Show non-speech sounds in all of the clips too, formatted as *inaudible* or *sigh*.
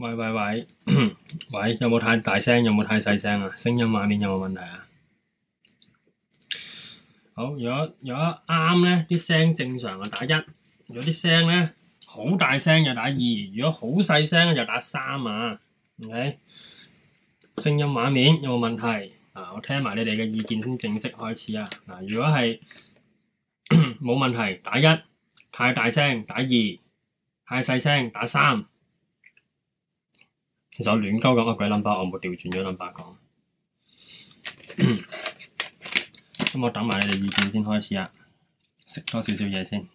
喂喂喂，喂，有冇太大聲？有冇太細聲啊？聲音畫面有冇問題啊？好，如果如果啱咧，啲聲正常啊，打一；如果啲聲咧好大聲就打二，如果好細聲就打三啊，ok？聲音畫面有冇問題啊？我聽埋你哋嘅意見先正式開始啊！嗱，如果係冇問題，打一；太大聲，打二；太細聲，打三。其實我亂鳩講個鬼諗法，我冇調轉咗諗法講。咁我等埋你哋意見先開始啊！食多少少嘢先。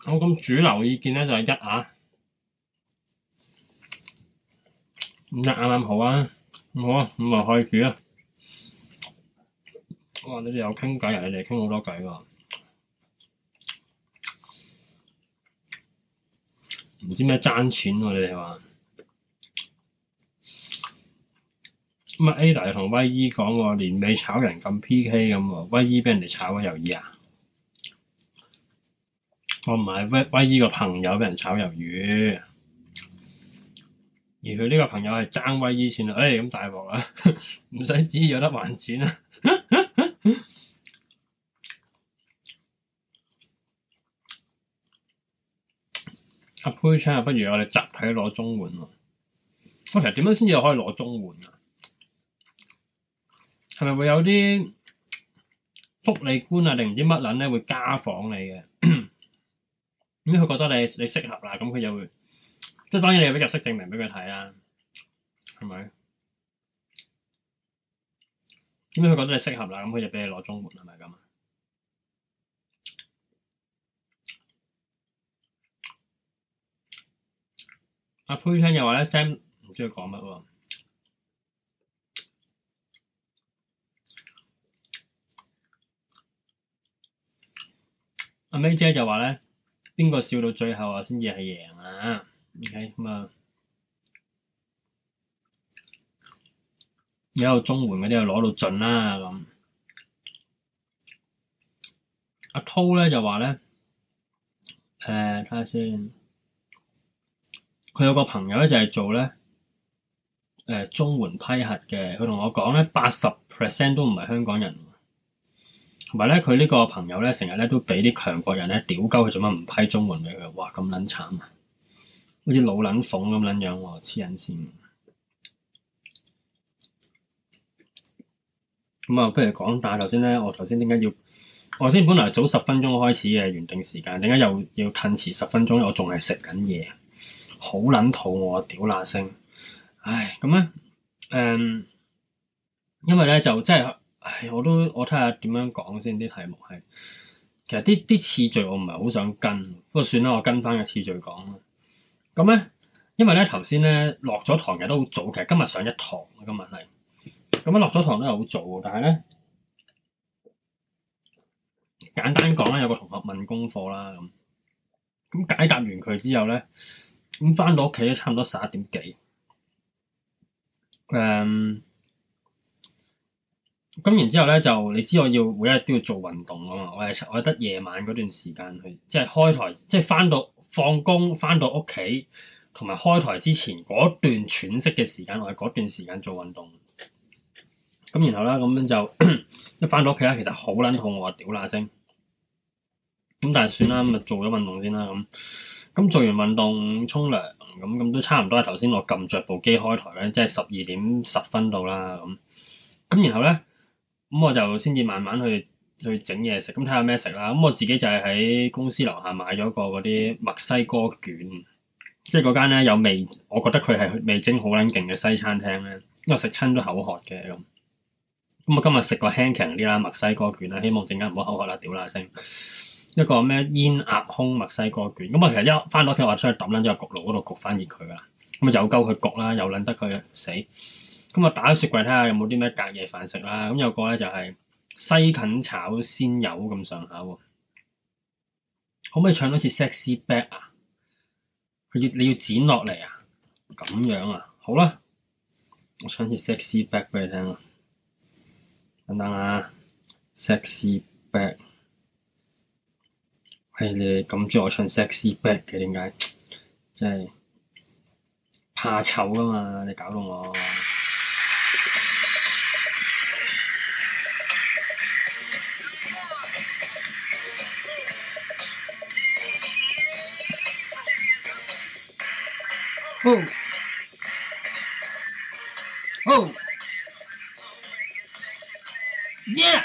咁咁主流意見呢就係一啊，咁得啱啱好啊，好啊，咁咪開始啦。哇！你哋有傾偈啊，啊！你哋傾好多偈噶，唔知咩爭錢？你哋話咁 Ada 同威姨講過，年尾炒人咁 PK 咁喎，威姨畀人哋炒咗魷魚啊！我唔係威威姨個朋友俾人炒魷魚，而佢呢個朋友係爭威姨錢啊！哎，咁大鑊啦，唔使旨意有得還錢啦、啊、～阿 Pusher 啊，不如我哋集體攞綜援喎。通常點樣先至可以攞綜援啊？係咪會有啲福利官啊定唔知乜撚咧會家訪你嘅？點解佢覺得你你適合啦，咁佢就會即係當然你有俾入息證明俾佢睇啦，係咪？點解佢覺得你適合啦，咁佢就俾你攞綜援啦，係咪咁啊？阿潘生就話咧，Sam 唔鍾意講乜喎。阿 May 姐就話咧，邊個笑到最後啊，先至係贏啊。你睇咁啊，而家有綜援嗰啲就攞到盡啦。咁，阿濤咧就話咧，誒睇下先。佢有個朋友咧，就係做咧誒中援批核嘅。佢同我講咧，八十 percent 都唔係香港人，同埋咧佢呢個朋友咧，成日咧都俾啲強國人咧屌鳩佢做乜唔批中援俾佢？哇！咁撚慘啊，好似老撚鳳咁撚樣喎，黐人線。咁啊，不如講。但係頭先咧，我頭先點解要我先本來早十分鐘開始嘅原定時間，點解又要褪遲十分鐘？我仲係食緊嘢。好撚肚餓啊，屌那星。唉咁咧，誒、嗯，因為咧就即係，唉，我都我睇下點樣講先，啲題目係，其實啲啲次序我唔係好想跟，不過算啦，我跟翻個次序講啦。咁咧，因為咧頭先咧落咗堂其都好早，其實今日上一堂今日係，咁樣落咗堂都係好早，但係咧簡單講啦，有個同學問功課啦咁，咁解答完佢之後咧。咁翻到屋企咧，差唔多十一點幾。誒，咁然之後咧，就你知我要每日都要做運動噶嘛？我係我係得夜晚嗰段時間去，即係開台，即係翻到放工翻到屋企，同埋開台之前嗰段喘息嘅時間，我係嗰段時間做運動。咁然後啦，咁樣就 *coughs* 一翻到屋企啦，其實好撚肚餓，我屌喇聲。咁但係算啦，咁咪做咗運動先啦咁。咁做完運動沖涼，咁咁都差唔多係頭先我撳着部機開台咧，即係十二點十分到啦咁。咁然後咧，咁我就先至慢慢去去整嘢食，咁睇下咩食啦。咁我自己就係喺公司樓下買咗個嗰啲墨西哥卷，即係嗰間咧有味，我覺得佢係味精好撚勁嘅西餐廳咧，因為食親都口渴嘅咁。咁我今日食個輕強啲啦墨西哥卷啦，希望陣間唔好口渴啦、啊，屌啦聲。一個咩煙鴨胸墨西哥卷，咁啊其實一翻到屋企我就出去揼撚咗個焗爐嗰度焗翻熱佢㗎啦，咁啊又鳩佢焗啦，又撚得佢死，咁啊打開雪櫃睇下有冇啲咩隔夜飯食啦，咁有個咧就係西芹炒鮮魷咁上下。可唔可以唱多次 sexy back 啊？要你要剪落嚟啊？咁樣啊？好啦，我唱一次 sexy back 俾你聽，等等啊，sexy back。Se 係你哋咁中意我唱 sexy back 嘅，點解？真係怕醜啊嘛，你搞到我。哦，哦，yeah！.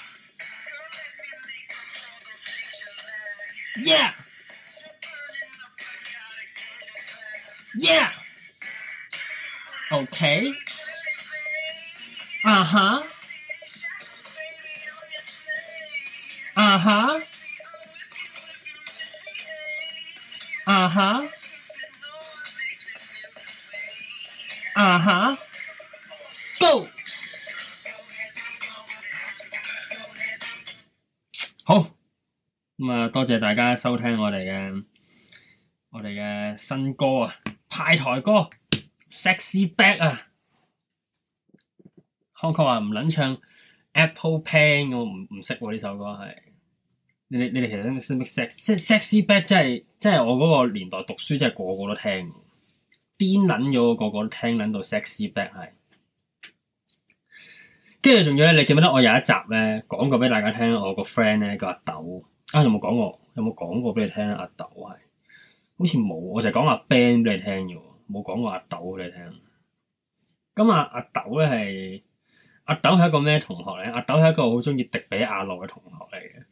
咁啊，多謝大家收聽我哋嘅我哋嘅新歌啊，派台歌《Sexy Back》啊，康哥話唔撚唱《Apple Pen》我，唔唔識呢首歌係。你哋你哋其實識唔識《Sexy Back》？真係即係我嗰個年代讀書，真係個個都聽，癲撚咗個個都聽撚到《Sexy Back》係。跟住仲要咧，你記唔記得我有一集咧講過俾大家聽，我個 friend 咧叫阿豆。啊！有冇講過？有冇講過俾你聽啊？阿豆係好似冇，我就係講阿 Ben 俾你聽啫，冇講過阿豆俾你聽。咁啊，阿、啊、豆咧係阿豆係一個咩同學咧？阿、啊、豆係一個好鍾意迪比亞路嘅同學嚟嘅。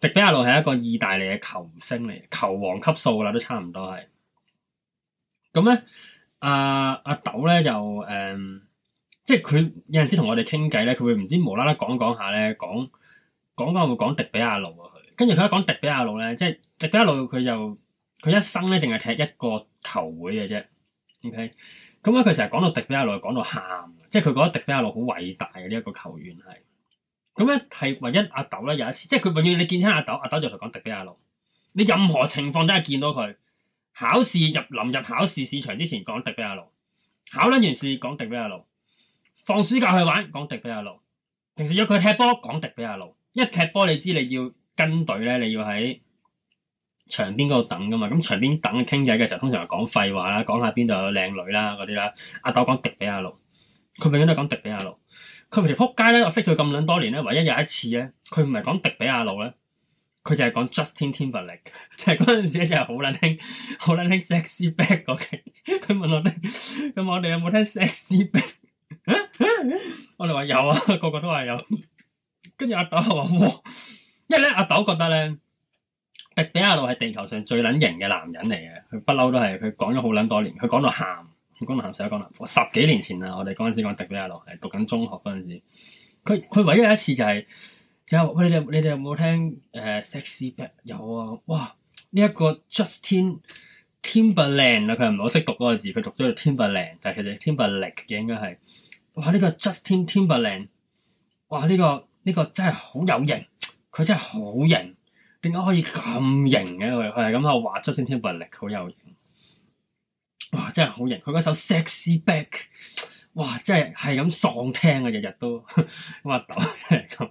迪比亞路係一個意大利嘅球星嚟，球王級數啦，都差唔多係。咁咧，阿、啊、阿、啊、豆咧就誒、嗯，即係佢有陣時同我哋傾偈咧，佢會唔知無啦啦講一講下咧，講講緊會講、講迪比亞路啊。跟住佢一講迪比亞路咧，即係迪比亞路佢就佢一生咧淨係踢一個球會嘅啫。OK，咁咧佢成日講到迪比亞路，講到喊，即係佢覺得迪比亞路好偉大嘅呢一個球員係咁咧，係唯一阿豆咧有一次，即係佢永遠你見親阿豆，阿豆就成日講迪比亞路。你任何情況都係見到佢，考試入臨入考試市場之前講迪比亞路，考兩完試講迪比亞路，放暑假去玩講迪比亞路，平時約佢踢波講迪比亞路，一踢波你知你要。跟隊咧，你要喺場邊嗰度等噶嘛？咁場邊等傾偈嘅時候，通常係講廢話啦，講下邊度有靚女啦嗰啲啦。阿豆講迪比亞路，佢永遠都係講迪比亞路。佢條撲街咧，我識咗咁撚多年咧，唯一有一次咧，佢唔係講迪比亞路咧，佢 *laughs* 就係講 Justin Timberlake。就係嗰陣時咧，就係好撚聽，好撚聽 sexy back 嗰期。佢 *laughs* 問我咧，咁我哋有冇聽 sexy back？ *laughs* *laughs* 我哋話有啊，個個都話有。跟 *laughs* 住阿豆話：哇！因為咧，阿豆覺得咧，迪比亞路係地球上最撚型嘅男人嚟嘅。佢不嬲都係佢講咗好撚多年，佢講到喊，佢講到喊死，講我十幾年前啦。我哋嗰陣時講迪比亞路係讀緊中學嗰陣時，佢佢唯一一次就係、是、就你哋你哋有冇聽誒、呃、sexy back 有啊？哇！呢、這、一個 Justin Timberland 啊，佢又唔係好識讀嗰個字，佢讀咗做 Timberland，但其實 Timberlake 應該係哇！呢、這個 Justin Timberland 哇！呢、這個呢、這個這個真係好有型。佢真係好型，點解可以咁型嘅佢？佢係咁啊，話出星天韻力，好有型！哇，真係好型！佢嗰首《Sexy Back》哇，真係係咁喪聽啊！日日都咁阿豆咁，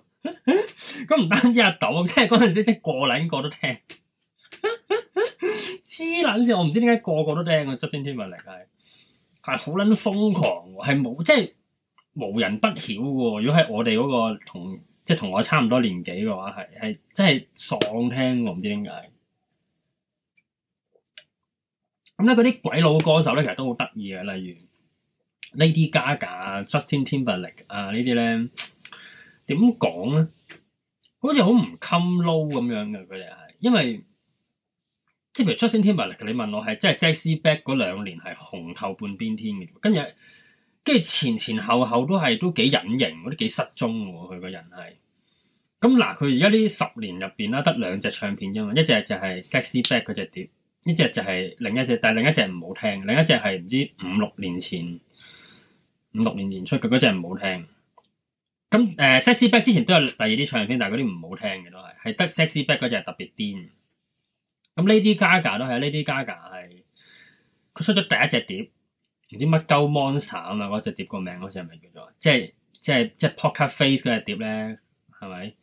咁唔 *laughs* 單止阿豆，即係嗰陣時即係個撚個都聽，黐撚線！我唔知點解個個都聽佢出星天韻力係係好撚瘋狂，係冇，即係無人不曉嘅喎。如果係我哋嗰個同。即係同我差唔多年紀嘅話，係係真係喪聽，我唔知點解。咁咧，嗰啲鬼佬歌手咧，其實都好得意嘅，例如 Lady Gaga、Justin Timberlake 啊呢啲咧，點講咧？好似好唔襟撈咁樣嘅。佢哋係，因為即係譬如 Justin Timberlake，你問我係即係 Sexy Back 嗰兩年係紅透半邊天嘅，今日。跟住前前後後都係都幾隱形，嗰啲幾失蹤喎，佢個人係。咁嗱，佢而家呢十年入邊啦，得兩隻唱片啫嘛，一隻就係 Sexy Back 嗰隻碟，一隻就係另一隻，但係另一隻唔好聽，另一隻係唔知五六年前，五六年前出嘅嗰隻唔好聽。咁誒、呃、Sexy Back 之前都有第二啲唱片，但係嗰啲唔好聽嘅都係，係得 Sexy Back 嗰隻特別癲。咁 Lady Gaga 都係，Lady Gaga 係。佢出咗第一隻碟。唔知乜鳩 monster 啊嘛，嗰隻碟個名嗰隻係咪叫做？即係即係即係 Poker Face 嗰隻碟咧，係咪？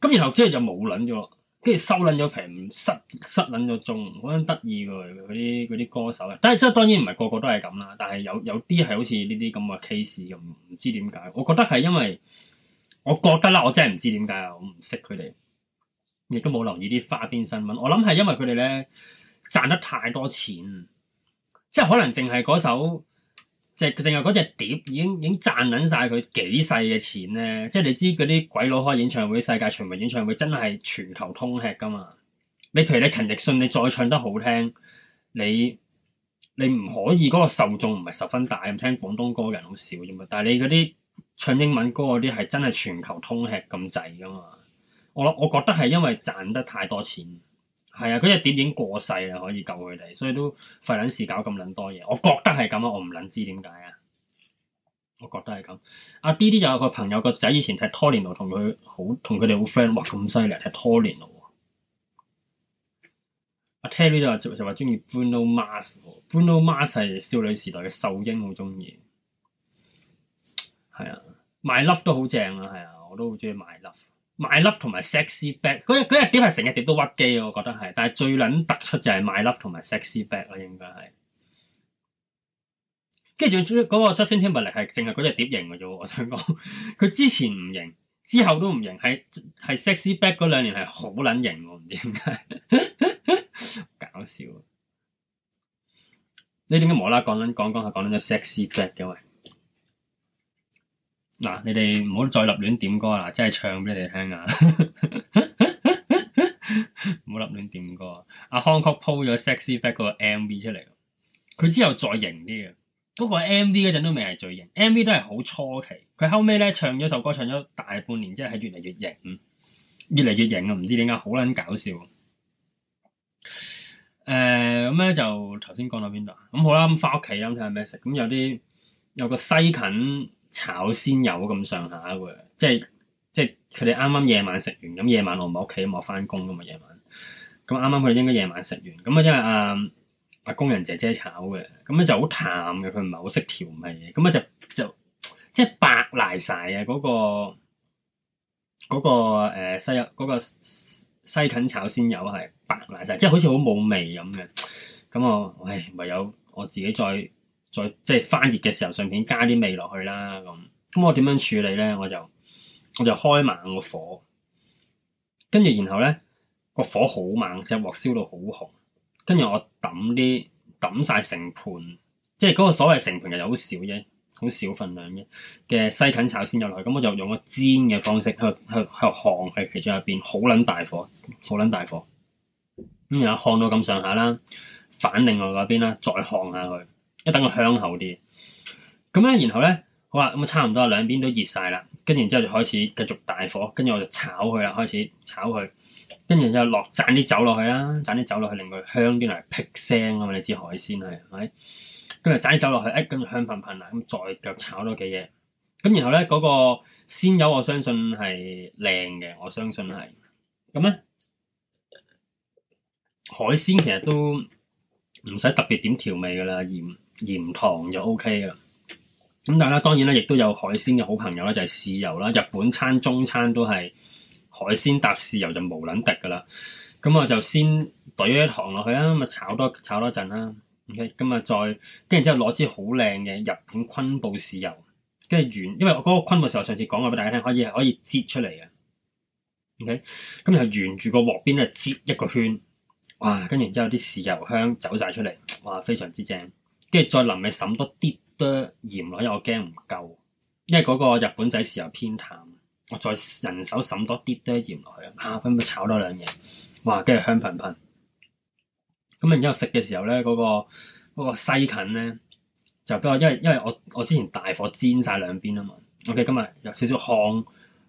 咁然後之後就冇撚咗，跟住收撚咗平，失失撚咗中，好得意㗎！嗰啲啲歌手咧，但係即係當然唔係個個都係咁啦，但係有有啲係好似呢啲咁嘅 case 咁，唔知點解。我覺得係因為我覺得啦，我真係唔知點解啊！我唔識佢哋，亦都冇留意啲花邊新聞。我諗係因為佢哋咧賺得太多錢。即係可能淨係嗰首，即係淨係嗰隻碟已經已經賺撚晒佢幾世嘅錢咧。即係你知嗰啲鬼佬開演唱會，世界巡迴演唱會真係全球通吃㗎嘛？你譬如你陳奕迅，你再唱得好聽，你你唔可以嗰個受眾唔係十分大，咁聽廣東歌嘅人好少啫嘛。但係你嗰啲唱英文歌嗰啲係真係全球通吃咁滯㗎嘛？我我覺得係因為賺得太多錢。係啊，佢一點已經過世啦，可以救佢哋，所以都費撚事搞咁撚多嘢。我覺得係咁啊，我唔撚知點解啊。我覺得係咁。阿 D D 就有個朋友個仔以前踢拖連路，同佢好，同佢哋好 friend。哇，咁犀利踢拖連路，啊。阿、啊、Terry 就就話中意 Bruno Mars，Bruno Mars 係少女時代嘅秀英好中意。係啊，My Love 都好正啊，係啊，我都好中意 My Love。My Love 同埋 Sexy Back 嗰日碟係成日碟都屈機，我覺得係，但係最撚突出就係 My Love 同埋 Sexy Back 啦，應該係。跟住仲有嗰個 Justin Timberlake 係淨係嗰隻碟型嘅啫，我想講佢之前唔型，之後都唔型，係係 Sexy Back 嗰兩年係好撚型喎，唔知點解，搞笑。你點解冇啦啦講緊講講下講緊咗 Sexy Back 嘅喂？嗱，你哋唔好再立亂點歌啦，即係唱俾你哋聽啊！唔好立亂點歌。阿康曲 po 咗《sexy back》個 M V 出嚟，佢之後再型啲嘅。不過、嗰個 M V 陣都未係最型，M V 都係好初期。佢後尾咧唱咗首歌，唱咗大半年之後係越嚟越型，越嚟越型啊！唔知點解好撚搞笑。誒、呃，咁咧就頭先講到邊度？咁好啦，咁翻屋企啦，睇下咩食。咁有啲有個西芹。炒鮮魷咁上下喎，即係即係佢哋啱啱夜晚食完，咁夜晚我唔喺屋企，我翻工咁嘛，夜晚，咁啱啱佢哋應該夜晚食完，咁啊因為阿阿工人姐姐炒嘅，咁咧就好淡嘅，佢唔係好識調味嘅，咁啊就就即係白瀨晒嘅嗰個嗰、嗰個呃嗰個西嗰西芹炒鮮魷係白瀨晒，即係好似好冇味咁嘅，咁我唉唯有我自己再。再即係翻熱嘅時候，順便加啲味落去啦。咁咁我點樣處理咧？我就我就開猛個火，跟住然後咧個火好猛，隻鑊燒到好紅。跟住我揼啲揼晒成盤，即係嗰個所謂成盤嘅又好少啫，好少份量啫。嘅西芹炒鮮入去。咁我就用個煎嘅方式去去去烘喺其中一邊，好撚大火，好撚大火。咁然後烘到咁上下啦，反另外嗰邊啦，再烘下佢。一等佢香口啲，咁咧，然後咧，好啊，咁啊，差唔多啊，兩邊都熱晒啦，跟住之後就開始繼續大火，跟住我就炒佢啦，開始炒佢，跟住就落灒啲酒落去啦，灒啲酒落去令佢香啲嚟辟腥啊嘛，你知海鮮係係咪？跟住灒啲酒落去，一跟住香噴噴啦，咁再腳炒多幾嘢，咁然後咧嗰、那個鮮魷我，我相信係靚嘅，我相信係，咁咧海鮮其實都唔使特別點調味噶啦，鹽。鹽糖就 OK 啦。咁但係咧，當然咧，亦都有海鮮嘅好朋友咧，就係豉油啦。日本餐、中餐都係海鮮搭豉油就無撚滴噶啦。咁我就先懟咗糖落去啦，咁啊炒多炒多陣啦。OK，咁啊再跟住之後攞支好靚嘅日本昆布豉油，跟住沿因為我嗰個昆布豉油上次講過俾大家聽，可以係可以濺出嚟嘅。OK，咁就沿住個鑊邊咧濺一個圈，哇！跟住之後啲豉油香走晒出嚟，哇！非常之正。跟住再淋咪，滲多啲多鹽落去，我驚唔夠，因為嗰個日本仔豉油偏淡，我再人手滲多啲多鹽落去，啊咁樣炒多兩嘢，哇！跟住香噴噴。咁然之後食嘅時候咧，嗰個嗰個西芹咧就比較，因為因為我我之前大火煎晒兩邊啊嘛。OK，今日有少少烘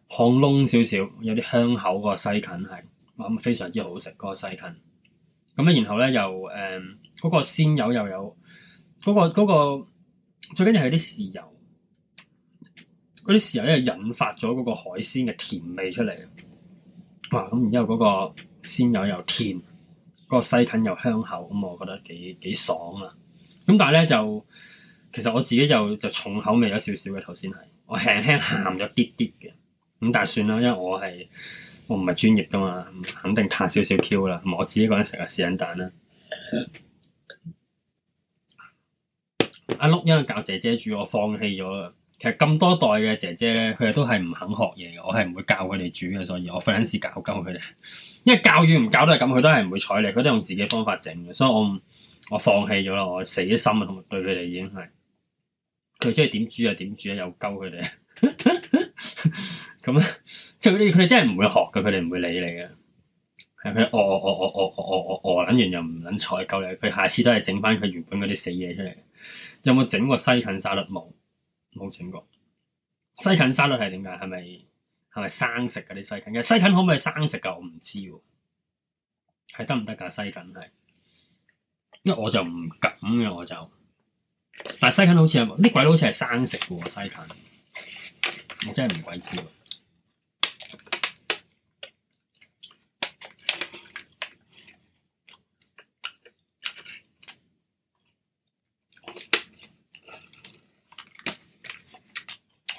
烘窿少少，有啲香口個西芹係哇，非常之好食個西芹。咁咧，然後咧又誒嗰個鮮油又有。嗰、嗰個最緊要係啲豉油，嗰啲豉油咧引發咗嗰個海鮮嘅甜味出嚟啊！哇，咁然之後嗰個鮮油又甜，嗰、嗰個西芹又香口，咁我覺得幾幾爽啊！咁但係咧就其實我自己就就重口味咗少少嘅，頭先係我輕輕鹹咗啲啲嘅，咁但係算啦，因為我係我唔係專業噶嘛，肯定嘆少少 Q 啦，我自己個人食嘅時撚蛋啦。嗯阿碌因為教姐姐煮，我放棄咗啦。其實咁多代嘅姐姐咧，佢哋都係唔肯學嘢嘅。我係唔會教佢哋煮嘅，所以我費事教鳩佢哋。因為教與唔教都係咁，佢都係唔會睬你，佢都用自己方法整嘅。所以我我放棄咗啦，我死咗心啊。同對佢哋已經係佢中意點煮就點煮啊，又鳩佢哋咁即係佢哋佢哋真係唔會學嘅，佢哋唔會理你嘅。係佢我我我我我我我我諗完又唔撚睬鳩你，佢下次都係整翻佢原本嗰啲死嘢出嚟。有冇整過西芹沙律冇？冇整過西芹沙律係點解？係咪係咪生食噶啲西芹？嘅西芹可唔可以生食噶？我唔知喎，係得唔得噶西芹係？因為我就唔敢嘅，我就，我就但西芹好似係啲鬼佬好似係生食嘅喎西芹，我真係唔鬼知。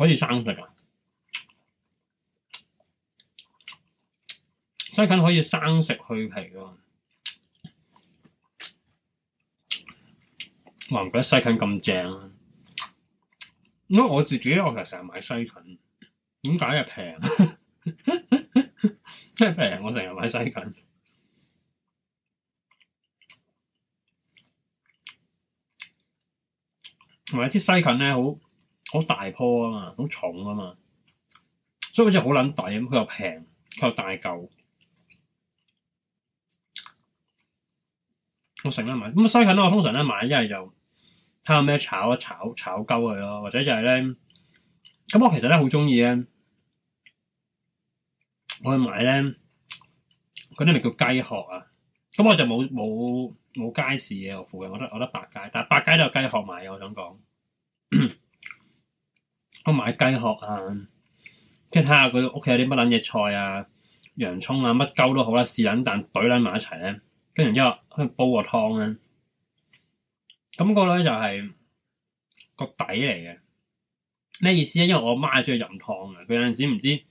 可以生食啊！西芹可以生食去皮喎、啊，哇！唔覺得西芹咁正啊？因為我自己咧，我成日買西芹，點解啊？平，即係平，我成日買西芹，同埋啲西芹咧好。好大棵啊嘛，好重啊嘛，所以好似好撚抵咁。佢又平，佢又大嚿，我成日買。咁西芹咧，我通常咧買，一係就睇下咩炒一炒炒鳩佢咯，或者就係咧，咁我其實咧好中意咧，我去買咧嗰啲咪叫雞殼啊。咁我就冇冇冇街市嘅附近，我覺得我覺得百佳，但百佳都有雞殼買嘅，我想講。 *coughs* 我買雞殼啊，跟住睇下佢屋企有啲乜撚嘢菜啊、洋葱啊，乜鳩都好啦，試撚但懟撚埋一齊咧，跟住之後去煲個湯咧。咁個女就係個底嚟嘅咩意思咧？因為我媽鍾意飲湯，湯啊。佢有陣時唔知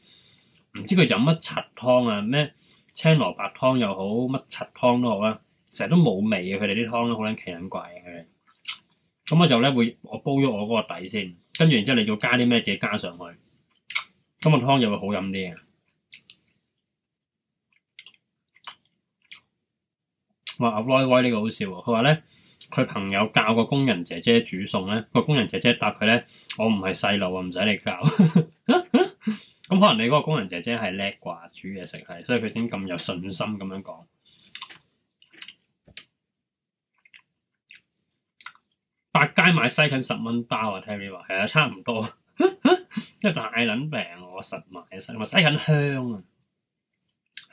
唔知佢飲乜柒湯啊，咩青蘿蔔湯又好，乜柒湯好都好啊，成日都冇味啊。佢哋啲湯都好撚奇撚怪嘅。咁我就咧會我煲咗我嗰個底先。跟住然之後，你要加啲咩嘢加上去，咁個湯又會好飲啲啊！話阿威威呢個好笑，佢話咧，佢朋友教個工人姐姐煮餸咧，個工人姐姐答佢咧，我唔係細路啊，唔使你教。咁 *laughs* 可能你嗰個工人姐姐係叻啩，煮嘢食係，所以佢先咁有信心咁樣講。街買西芹十蚊包啊，Terry 話係啊，差唔多，即 *laughs* 個大撚病我實買，實買西芹香啊，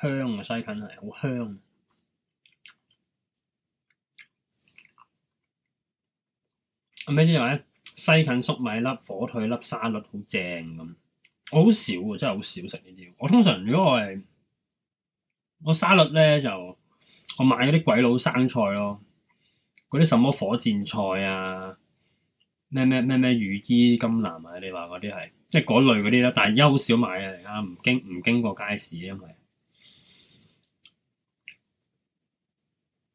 香啊，西芹係好香。咁咩啲話咧？西芹粟米粒、火腿粒、沙律，好正咁。我好少啊，真係好少食呢啲。我通常如果我係我沙律咧，就我買嗰啲鬼佬生菜咯。嗰啲什麼火箭菜啊，咩咩咩咩羽衣甘藍啊，你話嗰啲係即係嗰類嗰啲啦，但係又好少買啊，而家唔經唔經過街市啊，因為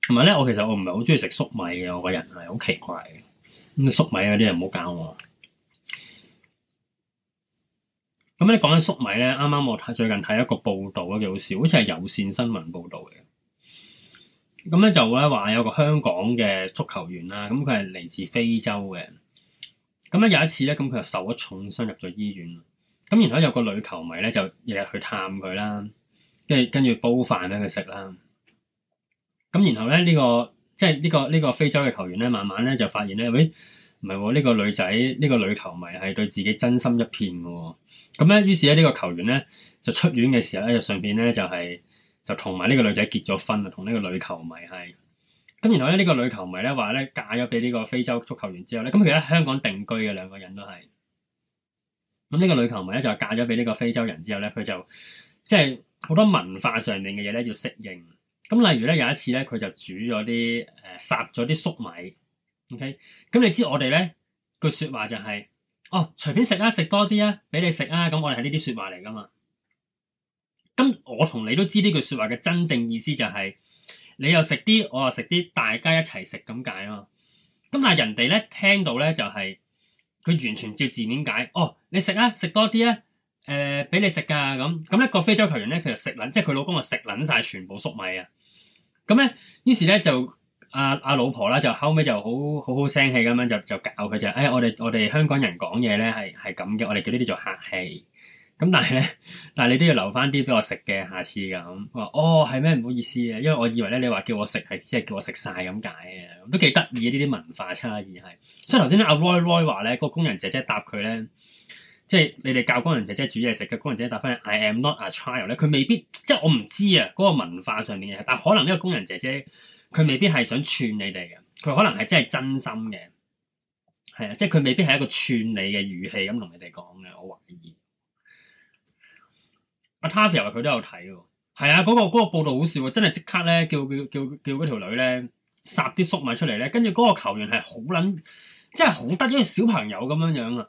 同埋咧，我其實我唔係好中意食粟米嘅，我個人係好奇怪嘅。咁粟米嗰啲人唔好教我。咁你講緊粟米咧，啱啱我睇最近睇一個報導咧，幾好笑，好似係有線新聞報導嘅。咁咧就咧話有個香港嘅足球員啦，咁佢係嚟自非洲嘅。咁咧有一次咧，咁佢就受咗重傷入咗醫院。咁然後有個女球迷咧就日日去探佢啦，跟住跟住煲飯俾佢食啦。咁然後咧呢個即係呢個呢個非洲嘅球員咧，慢慢咧就發現咧喂，唔係呢個女仔呢個女球迷係對自己真心一片嘅。咁咧於是咧呢個球員咧就出院嘅時候咧就順便咧就係……就同埋呢個女仔結咗婚啦，同呢個女球迷係。咁然後咧，呢個女球迷咧話咧嫁咗俾呢個非洲足球員之後咧，咁其實香港定居嘅兩個人都係。咁呢個女球迷咧就嫁咗俾呢個非洲人之後咧，佢就即係好多文化上面嘅嘢咧要適應。咁例如咧有一次咧，佢就煮咗啲誒殺咗啲粟米。OK，咁你知我哋咧個說話就係，哦，隨便食啊，食多啲啊，俾你食啊。咁我哋係呢啲說話嚟噶嘛。咁我同你都知呢句說話嘅真正意思就係、是，你又食啲，我又食啲，大家一齊食咁解啊！咁但係人哋咧聽到咧就係、是，佢完全照字面解，哦，你食啊，食多啲啊，誒、呃，俾你食噶咁。咁一個非洲球員咧，其實食捻，即係佢老公啊食捻晒全部粟米啊！咁咧，於是咧就阿阿、啊、老婆啦，就後尾就好好好聲氣咁樣就就教佢就，哎，我哋我哋香港人講嘢咧係係咁嘅，我哋叫呢啲做客氣。咁但係咧，但係你都要留翻啲俾我食嘅，下次咁。我話哦，係咩？唔好意思啊，因為我以為咧你話叫我食係即係叫我食晒咁解嘅，都幾得意啊呢啲文化差異係。所以頭先阿 Roy Roy 話咧，個工人姐姐答佢咧，即係你哋教工人姐姐煮嘢食，嘅工人姐姐答翻 I am not a child 咧，佢未必即係我唔知啊嗰個文化上面嘅，但可能呢個工人姐姐佢未必係想串你哋嘅，佢可能係真係真心嘅，係啊，即係佢未必係一個串你嘅語氣咁同你哋講嘅，我懷疑。阿 Tavi 又係佢都有睇喎，係啊，嗰、那個嗰、那個、報道好笑喎，真係即刻咧叫叫叫叫嗰條女咧，撒啲粟米出嚟咧，跟住嗰個球員係好撚，真係好得意，小朋友咁樣樣啊，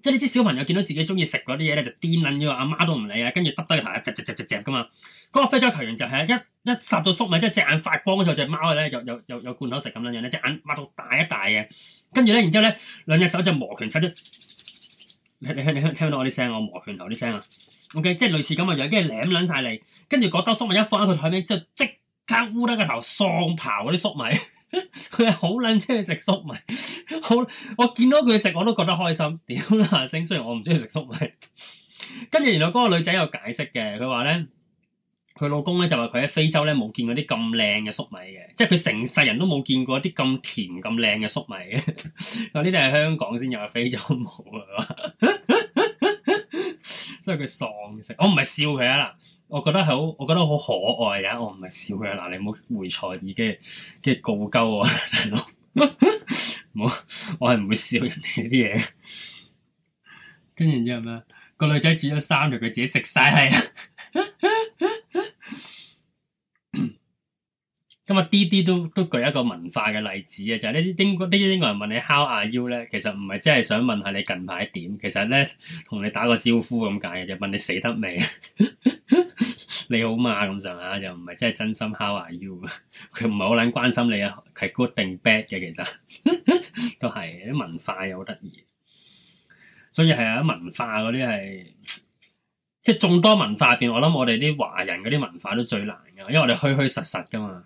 即係呢啲小朋友見到自己中意食嗰啲嘢咧，就癲撚咗阿媽都唔理啊，跟住耷低頭啊，嚼嚼嚼嚼嚼噶嘛。嗰、那個非洲球員就係一一撒到粟米，即係隻眼發光嗰時候，隻貓咧又又又有罐頭食咁樣樣咧，隻眼擘到大一大嘅，跟住咧，然之後咧兩隻手就磨拳擦出，你你你聽唔聽到我啲聲？我，我，我磨拳頭啲聲啊！O.K. 即係類似咁嘅樣，跟住舐撚晒你，跟住嗰兜粟米一放喺佢台面，之後即刻烏得個頭喪刨嗰啲粟米，佢係好撚中意食粟米。好，我見到佢食我都覺得開心。屌，阿星雖然我唔中意食粟米，跟住原來嗰個女仔有解釋嘅，佢話咧，佢老公咧就話佢喺非洲咧冇見過啲咁靚嘅粟米嘅，即係佢成世人都冇見過啲咁甜咁靚嘅粟米嘅。我呢啲係香港先有，非洲冇啊！即係佢喪食，我唔係笑佢啊！我覺得好，我覺得好可愛呀！ *laughs* *laughs* 我唔係笑佢啊！嗱，你唔好回錯耳機，跟住告鳩我，大佬，唔好，我係唔會笑人哋啲嘢。跟住然之後咩、就、啊、是？個女仔煮咗三日，佢自己食晒。係啦。 *laughs* 咁啊！啲啲都都舉一個文化嘅例子啊，就係呢啲英啲英國人問你 how are you 咧，其實唔係真係想問下你近排點，其實咧同你打個招呼咁解嘅，就問你死得未？ *laughs* 你好嘛咁上下，又唔係真係真心 how are you 佢唔係好撚關心你啊，係 good 定 bad 嘅，其實,其實 *laughs* 都係啲文化又好得意，所以係啊文化嗰啲係即係眾多文化入邊，我諗我哋啲華人嗰啲文化都最難噶，因為我哋虛虛實實噶嘛。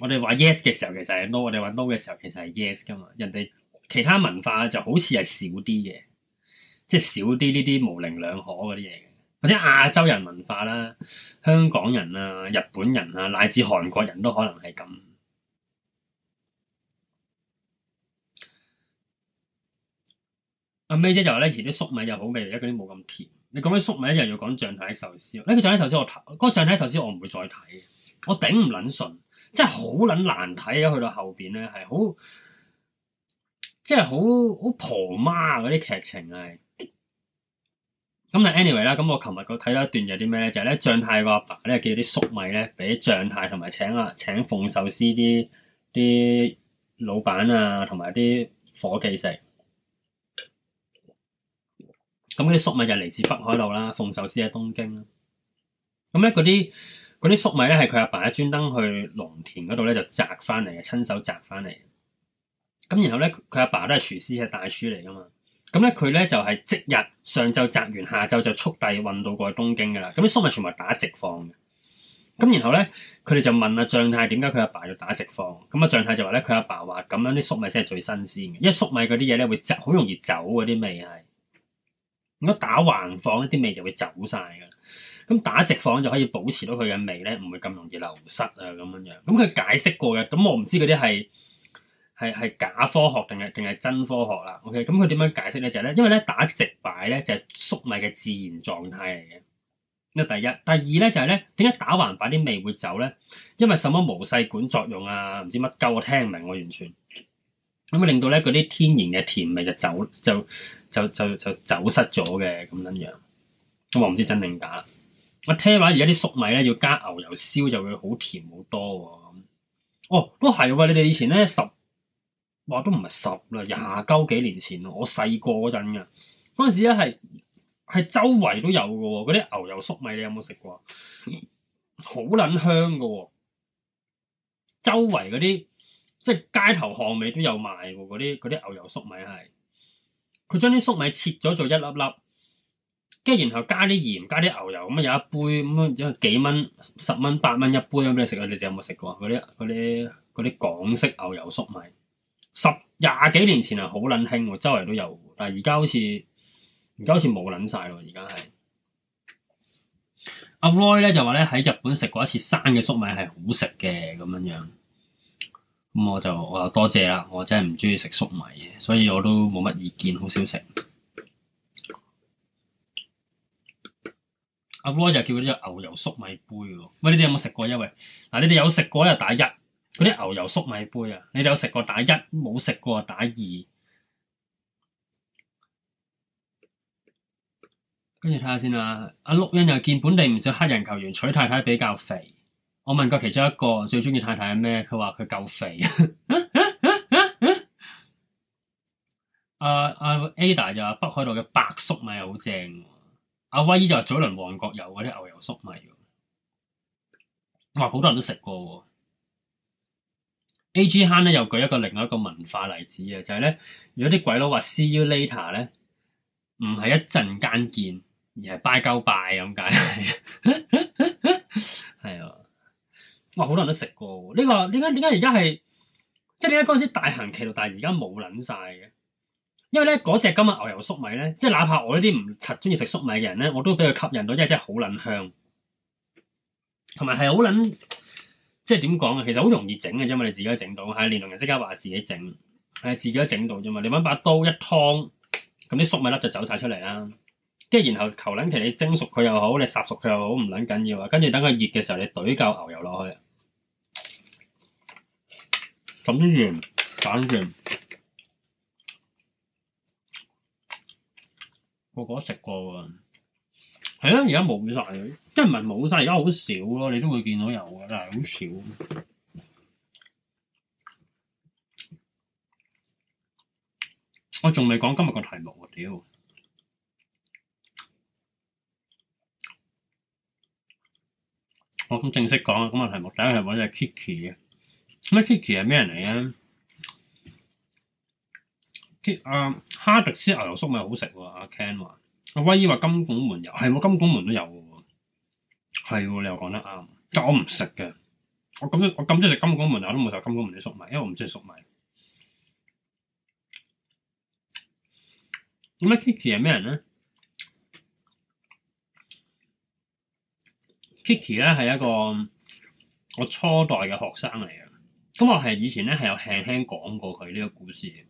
我哋話 yes 嘅時候，其實係 no；我哋話 no 嘅時候，其實係 yes 噶嘛。人哋其他文化就好似係少啲嘅，即係少啲呢啲模棱兩可嗰啲嘢。或者亞洲人文化啦、香港人啊、日本人啊，乃至韓國人都可能係咁。阿 May 姐就話咧，前啲粟米又好味，而家嗰啲冇咁甜。你講起粟米，一樣要講象泰壽司。呢個象泰壽司我睇，嗰個象泰壽司我唔、嗰個、會再睇，我頂唔卵順。即係好撚難睇啊！去到後邊咧係好，即係好好婆媽嗰啲劇情啊！咁但 anyway 啦、嗯，咁我琴日個睇到一段有啲咩咧，就係咧象太個阿爸咧叫啲粟米咧俾象太同埋請啊請鳳壽司啲啲老闆啊同埋啲伙計食。咁啲粟米就嚟自北海道啦，鳳壽司喺東京啦。咁咧嗰啲。嗰啲粟米咧，係佢阿爸咧專登去農田嗰度咧就摘翻嚟嘅，親手摘翻嚟。咁然後咧，佢阿爸都係廚師，係大廚嚟噶嘛。咁咧佢咧就係、是、即日上晝摘完，下晝就速遞運到過去東京噶啦。咁啲粟米全部打直放嘅。咁然後咧，佢哋就問阿象太點解佢阿爸要打直放？咁阿象太就話咧，佢阿爸話咁樣啲粟米先係最新鮮嘅，因為粟米嗰啲嘢咧會好容易走嗰啲味係。如果打橫放咧，啲味就會走晒㗎。咁打直放就可以保持到佢嘅味咧，唔會咁容易流失啊咁樣樣。咁佢解釋過嘅，咁我唔知嗰啲係係係假科學定係定係真科學啦。OK，咁佢點樣解釋咧？就係咧，因為咧打直擺咧就係、是、粟米嘅自然狀態嚟嘅。咁啊，第一，第二咧就係、是、咧，點解打橫擺啲味會走咧？因為什麼毛細管作用啊？唔知乜鳩，夠我聽唔明我、啊、完全。咁啊，令到咧嗰啲天然嘅甜味就走，就就就就，就走失咗嘅咁樣樣。咁我唔知真定假。我聽話而家啲粟米咧要加牛油燒就會好甜好多喎、哦。哦，都係喎，你哋以前咧十，哇都唔係十啦，廿鳩幾年前我細個嗰陣噶，嗰陣時咧係係周圍都有嘅喎、哦。嗰啲牛油粟米你有冇食過？好 *laughs* 撚香嘅喎、哦，周圍嗰啲即係街頭巷尾都有賣喎。嗰啲嗰啲牛油粟米係佢將啲粟米切咗做一粒粒。跟住，然後加啲鹽，加啲牛油咁啊、嗯，有一杯咁啊，即、嗯、幾蚊、十蚊、八蚊一杯咁俾你食啊！你哋有冇食過嗰啲啲啲港式牛油粟米？十廿幾年前啊，好撚興喎，周圍都有，但係而家好似而家好似冇撚晒咯，而家係阿 Roy 咧就話咧喺日本食過一次生嘅粟米係好食嘅咁樣樣，咁我就我又多謝啦，我真係唔中意食粟米嘅，所以我都冇乜意見，好少食。阿 Loy 就叫啲嘢牛油粟米杯喎，喂你哋有冇食過？因為嗱你哋有食過咧打一，嗰啲牛油粟米杯啊，你哋有食過打一，冇食過打二。跟住睇下先啦，阿陸欣又見本地唔少黑人球員娶太太比較肥，我問過其中一個最中意太太係咩，佢話佢夠肥。阿阿 Ada 就話北海道嘅白粟米好正。阿威姨就佐敦旺角有嗰啲牛油粟米，哇！好多人都食過。A G 坑咧又舉一個另外一個文化例子啊，就係、是、咧，如果啲鬼佬話 see you later 咧，唔係一陣間見，而係拜鳩拜咁解，係啊！ *laughs* *laughs* *laughs* *laughs* 哇！好多人都食過，呢、這個點解點解而家係即係點解嗰陣時大行其道，但係而家冇撚晒嘅？因為咧嗰隻今日牛油粟米咧，即係哪怕我呢啲唔柒中意食粟米嘅人咧，我都俾佢吸引到，因為真係好捻香，同埋係好捻即係點講啊？其實好容易整嘅，啫嘛，你自己整到，係連龍人即刻話自己整，係自己都整到啫嘛。你搵把刀一劏，咁啲粟米粒就走晒出嚟啦。跟住然後求捻其你蒸熟佢又好，你烚熟佢又好，唔捻緊要啊。跟住等佢熱嘅時候，你懟夠牛油落去，粉形粉形。個個都食過喎，係啊，而家冇曬，即係唔係冇曬，而家好少咯，你都會見到有嘅，但係好少。我仲未講今日個題目喎，屌！我咁正式講啊，今日題目第一係揾隻 Kiki 啊，咩 Kiki 係咩人嚟嘅？啲阿、uh, 哈迪斯牛油粟米好食喎。阿 Ken 話阿威姨話金拱門有，係喎，金拱門都有嘅喎，係你又講得啱。但我唔食嘅，我咁多我咁中意食金拱門，我都冇食金拱門嘅粟米，因為我唔中意粟米。咁咧，Kiki 係咩人咧？Kiki 咧係一個我初代嘅學生嚟嘅，咁我係以前咧係有輕輕講過佢呢個故事嘅。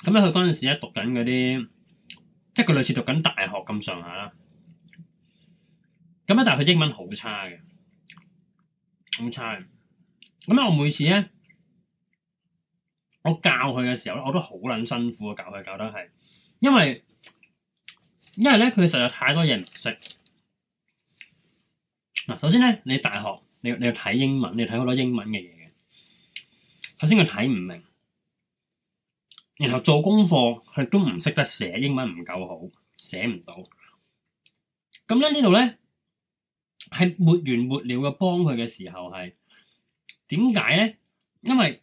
咁咧，佢嗰陣時咧讀緊嗰啲，即係佢類似讀緊大學咁上下啦。咁咧，但係佢英文好差嘅，好差。咁、嗯、咧，我每次咧，我教佢嘅時候咧，我都好撚辛苦啊，教佢教得係，因為因為咧，佢實在太多嘢唔識。嗱，首先咧，你大學，你你要睇英文，你要睇好多英文嘅嘢嘅。首先佢睇唔明。然後做功課，佢都唔識得寫英文，唔夠好，寫唔到。咁咧，呢度咧，係沒完沒了嘅，幫佢嘅時候係點解咧？因為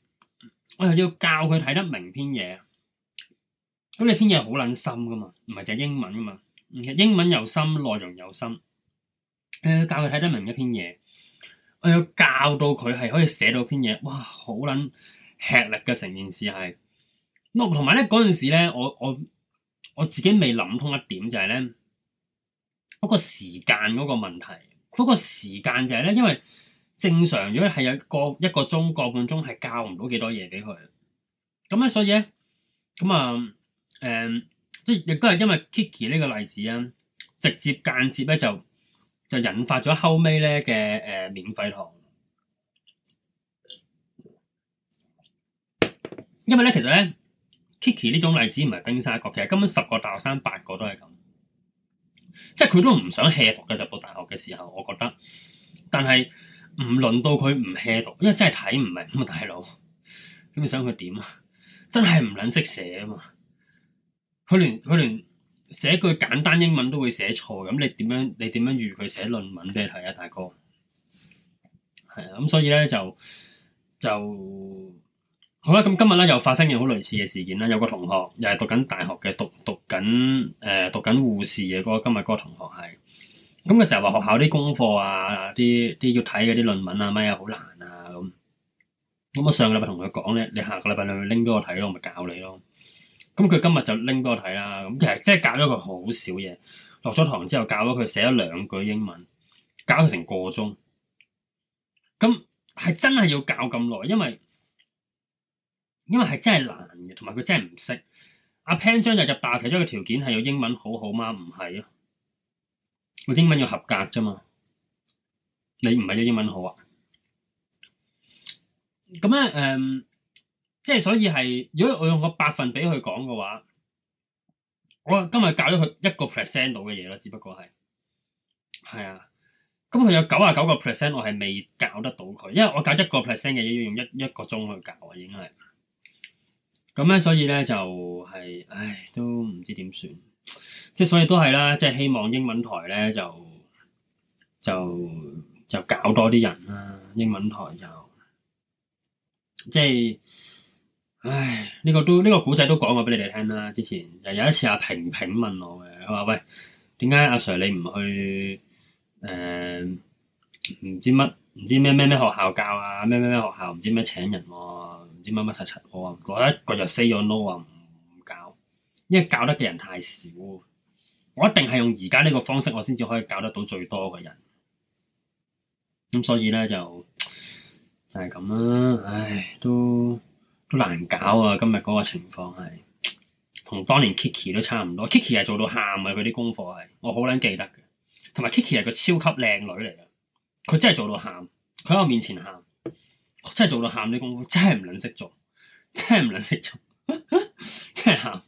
我又要教佢睇得明篇嘢。咁你篇嘢好撚深噶嘛？唔係就係英文噶嘛？英文又深，內容又深。誒，教佢睇得明一篇嘢，我又要教到佢係可以寫到篇嘢。哇！好撚吃力嘅成件事係～同埋咧嗰陣時咧，我我我自己未諗通一點就係咧嗰個時間嗰個問題，嗰個時間就係咧，因為正常如果係有個一個鐘個、個半鐘，係教唔到幾多嘢俾佢。咁咧，所以咧咁啊，誒、嗯，即係亦都係因為 Kiki 呢個例子啊，直接間接咧就就引發咗後尾咧嘅誒免費堂，因為咧其實咧。Kiki 呢種例子唔係冰山一角，其實根本十個大學生八個都係咁，即係佢都唔想 hea 讀嘅入讀大學嘅時候，我覺得。但係唔輪到佢唔 hea 讀，因為真係睇唔明啊大佬，咁你想佢點啊？真係唔撚識寫啊嘛！佢連佢連寫句簡單英文都會寫錯，咁你點樣你點樣預佢寫論文俾你睇啊大哥？係啊，咁所以咧就就。就好啦，咁今日咧又發生件好類似嘅事件啦。有個同學又係讀緊大學嘅，讀讀緊誒讀緊護、呃、士嘅嗰個今日嗰個同學係，咁佢成日話學校啲功課啊，啲啲要睇嗰啲論文啊咩啊好難啊咁。咁我、啊、上個禮拜同佢講咧，你下個禮拜你去拎俾我睇咯，我咪教你咯。咁佢今日就拎俾我睇啦。咁其實即係教咗佢好少嘢，落咗堂之後教咗佢寫咗兩句英文，教佢成個鐘。咁係真係要教咁耐，因為。因為係真係難嘅，同埋佢真係唔識。阿 Pan 將日日霸其中一個條件係有英文好好嗎？唔係啊，我英文要合格啫嘛。你唔係啲英文好啊？咁咧，誒、嗯，即係所以係如果我用個百分比去講嘅話，我今日教咗佢一個 percent 到嘅嘢啦，只不過係，係啊。咁佢有九十九個 percent，我係未教得到佢，因為我教一個 percent 嘅嘢要用一一個鐘去教啊，已經係。咁咧，所以咧就係，唉，都唔知點算，即係所以都係啦，即係希望英文台咧就就就搞多啲人啦，英文台就即係，唉，呢個都呢個古仔都講過俾你哋聽啦，之前就有一次阿平平問我嘅，佢話喂，點解阿 Sir 你唔去誒唔知乜唔知咩咩咩學校教啊，咩咩咩學校唔知咩請人喎？啲乜乜柒柒我啊，我一個就 say 咗 no 啊，唔教，因為教得嘅人太少，我一定係用而家呢個方式，我先至可以教得到最多嘅人。咁所以咧就就係咁啦，唉，都都難搞啊！今日嗰個情況係同當年 Kiki 都差唔多，Kiki 係做到喊啊！佢啲功課係我好撚記得嘅。同埋 Kiki 係個超級靚女嚟嘅，佢真係做到喊，佢喺我面前喊。真係做到喊啲功夫，真係唔捻識做，真係唔捻識做， *laughs* 真係的喊哭，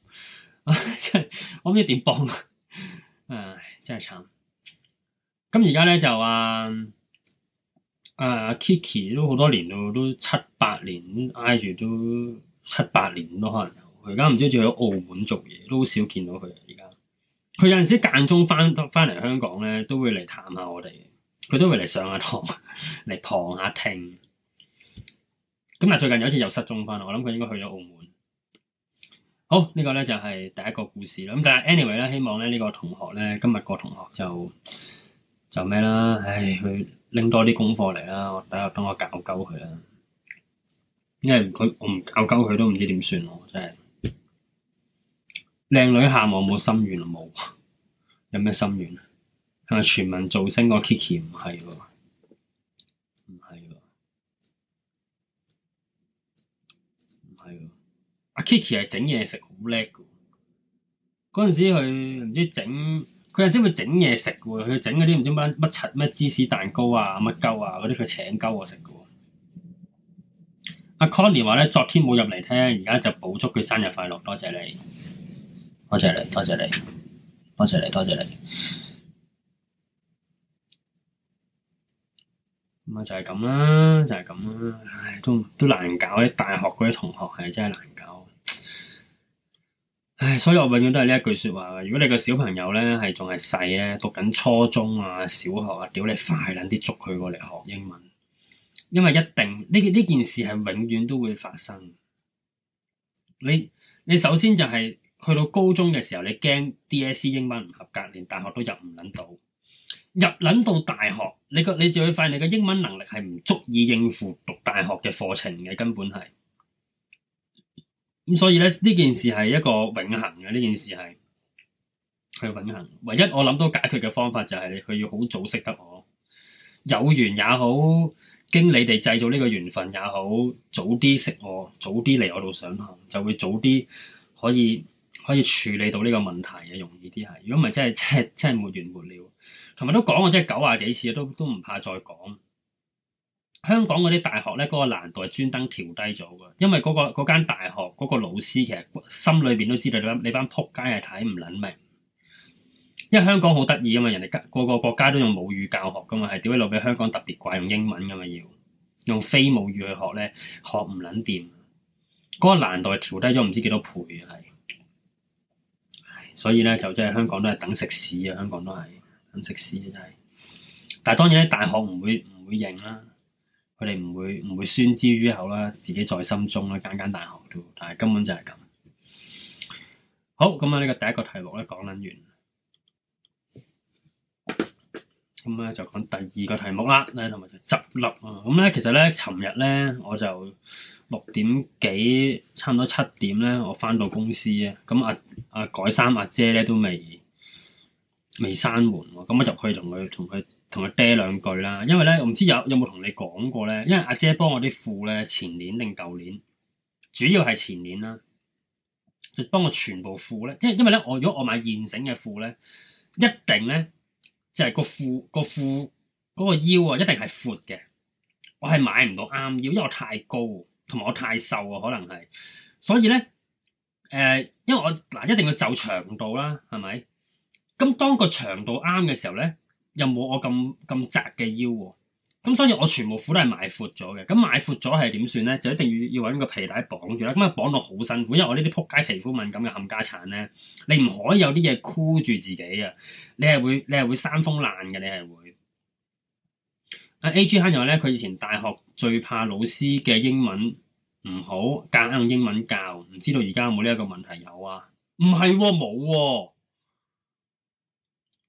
*laughs* 真係我唔知點幫，啊，唉，真係慘。咁而家咧就啊啊 Kiki 都好多年咯，都七八年挨住都七八年咯，可能。而家唔知仲喺澳門做嘢，都好少見到佢。而家佢有陣時間中翻翻嚟香港咧，都會嚟探下我哋，佢都會嚟上下堂，嚟旁下聽。咁啊，最近有一次又失蹤翻，我諗佢應該去咗澳門。好、這個、呢個咧就係、是、第一個故事啦。咁但係 anyway 咧，希望咧呢、這個同學咧今日個同學就就咩啦？唉，佢拎多啲功課嚟啦，我等下等我搞鳩佢啦。因為佢我唔搞鳩佢都唔知點算喎，真係。靚女下，我冇心願冇，有咩心願啊？係咪全民造星個 Kiki 唔係喎？阿 Kiki 係整嘢食好叻嘅。嗰時佢唔知整，佢有時會整嘢食喎。佢整嗰啲唔知乜乜柒乜芝士蛋糕啊、乜鳩啊嗰啲，佢請鳩我食嘅。阿 Connie 話咧，昨天冇入嚟聽，而家就補祝佢生日快樂，多謝，多謝你，多謝你，多謝你，多謝你，多謝你。咁啊，就係咁啦，就係咁啦。唉，都都難搞，啲大學嗰啲同學係真係難。唉，所以我永遠都係呢一句說話。如果你個小朋友咧係仲係細咧，讀緊初中啊、小學啊，屌你快捻啲捉佢過嚟學英文，因為一定呢呢件事係永遠都會發生。你你首先就係去到高中嘅時候，你驚 DSE 英文唔合格，連大學都入唔捻到，入捻到大學，你個你就會發現你嘅英文能力係唔足以應付讀大學嘅課程嘅，根本係。咁所以咧，呢件事係一個永恒嘅，呢件事係係永恒。唯一我諗到解決嘅方法就係、你、佢要好早識得我，有緣也好，經你哋製造呢個緣分也好，早啲識我，早啲嚟我度上行，就會早啲可以可以處理到呢個問題嘅，容易啲係。如果唔係，真係真係真係沒完沒了。同埋都講過真係九廿幾次，都都唔怕再講。香港嗰啲大學咧，嗰個難度係專登調低咗嘅，因為嗰個嗰間大學嗰個老師其實心裏邊都知道，你班你班撲街係睇唔撚明。因為香港好得意啊嘛，人哋家個個國家都用母語教學噶嘛，係點解落嚟香港特別怪用英文噶嘛？要用非母語去學咧，學唔撚掂。嗰個難度係調低咗唔知幾多倍，係所以咧就真係香港都係等食屎啊！香港都係等食屎真係。但係當然咧，大學唔會唔會認啦。佢哋唔會唔會宣之於口啦，自己在心中啦，間間大學都，但係根本就係咁。好，咁啊呢個第一個題目咧講緊完，咁咧就講第二個題目啦，咧同埋就執笠啊。咁咧其實咧，尋日咧我就六點幾，差唔多七點咧，我翻到公司啊。咁阿阿改衫阿、啊、姐咧都未未閂門喎。咁我入去同佢同佢。同佢嗲兩句啦，因為咧，我唔知有有冇同你講過咧，因為阿姐幫我啲褲咧，前年定舊年，主要係前年啦，就幫我全部褲咧，即係因為咧，我如果我買現成嘅褲咧，一定咧就係、是、個褲個褲嗰個腰啊，一定係闊嘅，我係買唔到啱腰，因為我太高，同埋我太瘦啊，可能係，所以咧誒、呃，因為我嗱一定要就長度啦，係咪？咁當個長度啱嘅時候咧。又冇我咁咁窄嘅腰喎、啊，咁所以我全部褲都係買闊咗嘅，咁買闊咗係點算咧？就一定要要揾個皮帶綁住啦，咁啊綁落好辛苦，因為我呢啲撲街皮膚敏感嘅冚家產咧，你唔可以有啲嘢箍住自己嘅、啊，你係會你係會，會生風爛嘅，你係會。阿、啊、A G Harden、er、咧，佢以前大學最怕老師嘅英文唔好夾硬英文教，唔知道而家有冇呢一個問題有啊？唔係喎，冇喎、哦。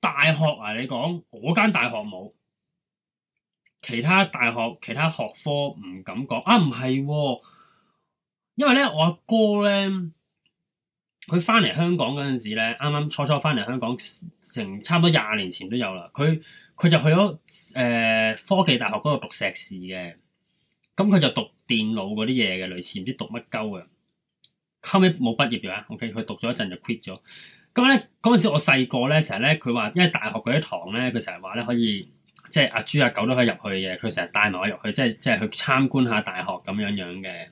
大學啊，你講我間大學冇，其他大學其他學科唔敢講啊，唔係、啊，因為咧我阿哥咧，佢翻嚟香港嗰陣時咧，啱啱初初翻嚟香港，成差唔多廿年前都有啦。佢佢就去咗誒、呃、科技大學嗰度讀碩士嘅，咁佢就讀電腦嗰啲嘢嘅，類似唔知讀乜鳩嘅，後尾冇畢業咋，OK，佢讀咗一陣就 quit 咗。咁咧，嗰陣時我細個咧，成日咧佢話，因為大學嗰啲堂咧，佢成日話咧可以，即係阿豬阿狗都可以入去嘅。佢成日帶埋我入去，即係即係去參觀下大學咁樣樣嘅。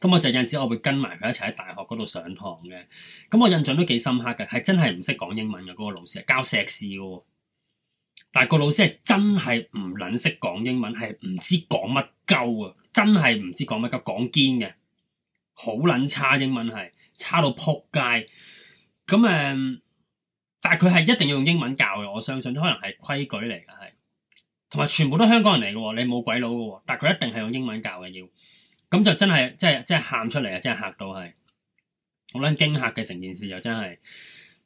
咁我就有陣時我會跟埋佢一齊喺大學嗰度上堂嘅。咁我印象都幾深刻嘅，係真係唔識講英文嘅嗰個老師，教碩士嘅。但係個老師係真係唔撚識講英文，係唔知講乜鳩啊！真係唔知講乜鳩，講堅嘅，好撚差英文係，差到撲街。咁誒、嗯，但係佢係一定要用英文教嘅，我相信都可能係規矩嚟嘅，係同埋全部都香港人嚟嘅喎，你冇鬼佬嘅喎，但係佢一定係用英文教嘅要，咁就真係真係真係喊出嚟啊！真係嚇到係好撚驚嚇嘅，成件事又真係，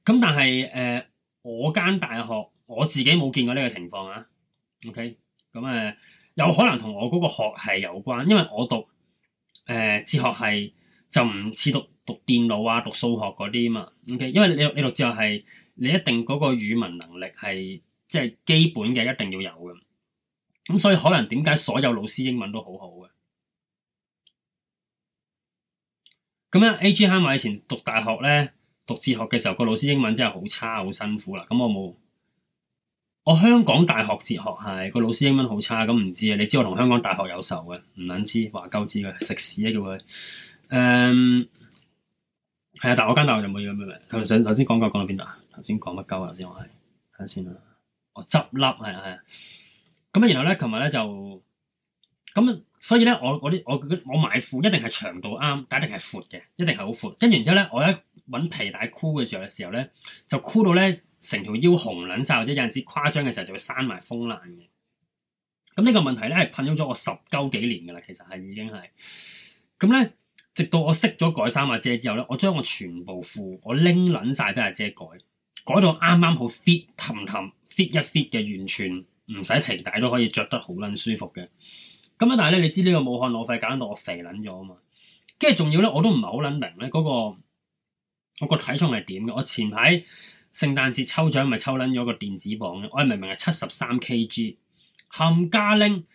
咁但係誒、呃，我間大學我自己冇見過呢個情況啊，OK，咁、嗯、誒、呃、有可能同我嗰個學系有關，因為我讀誒哲、呃、學系就唔似讀。讀電腦啊，讀數學嗰啲啊嘛，O、okay? K，因為你你讀哲學係你一定嗰個語文能力係即係基本嘅，一定要有嘅。咁、嗯、所以可能點解所有老師英文都好好嘅？咁、嗯、咧，A G 哈馬以前讀大學咧，讀哲學嘅時候個老師英文真係好差，好辛苦啦。咁、嗯、我冇，我香港大學哲學係個老師英文好差，咁唔知啊。你知我同香港大學有仇嘅，唔撚知話鳩知嘅，食屎啊叫佢，嗯。係啊，但我間大學就冇嘢。頭、嗯、先頭先講夠講到邊度啊？頭先講乜鳩啊？頭先我係睇下先啦。我執笠係啊係啊。咁然後咧，琴日咧就咁所以咧我我啲我我買褲一定係長度啱，但一定係闊嘅，一定係好闊。跟住然之後咧，我喺搵皮帶箍嘅時候咧，就箍到咧成條腰紅撚晒，或者有陣時誇張嘅時候就會閂埋風爛嘅。咁呢個問題咧係困擾咗我十鳩幾年噶啦，其實係已經係咁咧。直到我識咗改衫阿姐之後咧，我將我全部褲我拎撚晒俾阿姐改，改到啱啱好 fit 氹氹 fit 一 fit 嘅，完全唔使皮帶都可以着得好撚舒服嘅。咁啊，但係咧你知呢個武漢攞肺搞到我肥撚咗啊嘛，跟住仲要咧我都唔係好撚明咧嗰個我個體重係點嘅。我前排聖誕節抽獎咪抽撚咗個電子磅，我明明係七十三 kg 冚家拎，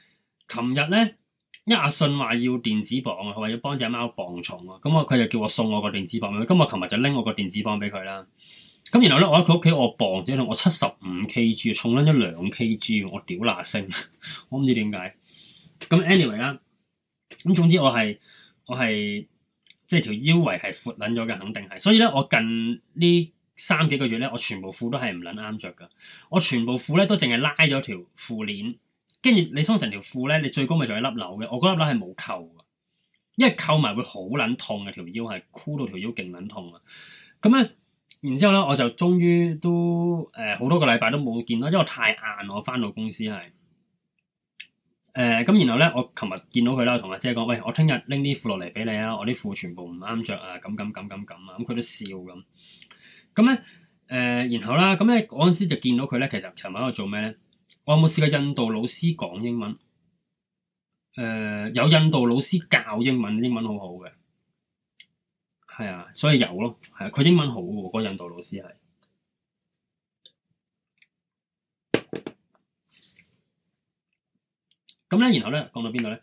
琴日咧。因為阿信話要電子磅，佢話要幫隻貓磅重，咁我佢就叫我送我個電子磅。咁我琴日就拎我個電子磅俾佢啦。咁然後咧，我喺佢屋企我磅咗度，我七十五 K G 重捻咗兩 K G，我屌乸聲，我唔知點解。咁 anyway 啦，咁總之我係我係即係條腰圍係闊捻咗嘅，肯定係。所以咧，我近呢三幾個月咧，我全部褲都係唔捻啱着噶。我全部褲咧都淨係拉咗條褲鏈。跟住你穿成條褲咧，你最高咪仲有一粒紐嘅。我嗰粒紐係冇扣嘅，因為扣埋會好撚痛嘅，腰條腰係箍到條腰勁撚痛啊！咁咧，然之後咧，我就終於都誒好、呃、多個禮拜都冇見到，因為我太硬我翻到公司係誒咁，然後咧我琴日見到佢啦，同阿姐講：喂，我聽日拎啲褲落嚟俾你啊！我啲褲全部唔啱着啊！咁咁咁咁咁啊！咁佢都笑咁。咁咧誒，然後啦，咁咧嗰陣時就見到佢咧，其實琴晚喺度做咩咧？我有冇試過印度老師講英文？誒、呃，有印度老師教英文，英文好好嘅，係啊，所以有咯，係啊，佢英文好喎，嗰個印度老師係。咁、嗯、咧，然後咧，講到邊度咧？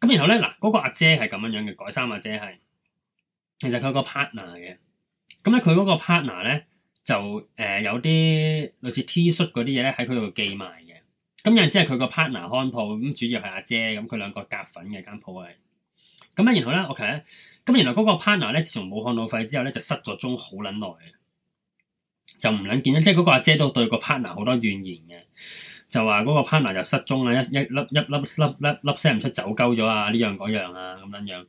咁、嗯、然後咧，嗱，嗰個阿姐係咁樣樣嘅，改衫阿姐係，其實佢個 partner 嘅。咁、嗯、咧，佢嗰個 partner 咧。就誒有啲類似 T 恤嗰啲嘢咧，喺佢度寄賣嘅。咁有陣時係佢個 partner 看鋪，咁主要係阿姐，咁佢兩個夾份嘅間鋪嚟。咁咧、啊，然後咧，OK，咁原來嗰個 partner 咧，自從武漢肺炎之後咧，就失咗蹤好撚耐嘅，就唔撚見咗。即係嗰個阿姐都對個 partner 好多怨言嘅，就話嗰個 partner 就失蹤啦，一一粒一粒粒粒粒聲唔出，走鳩咗啊，呢樣嗰樣啊，咁樣樣。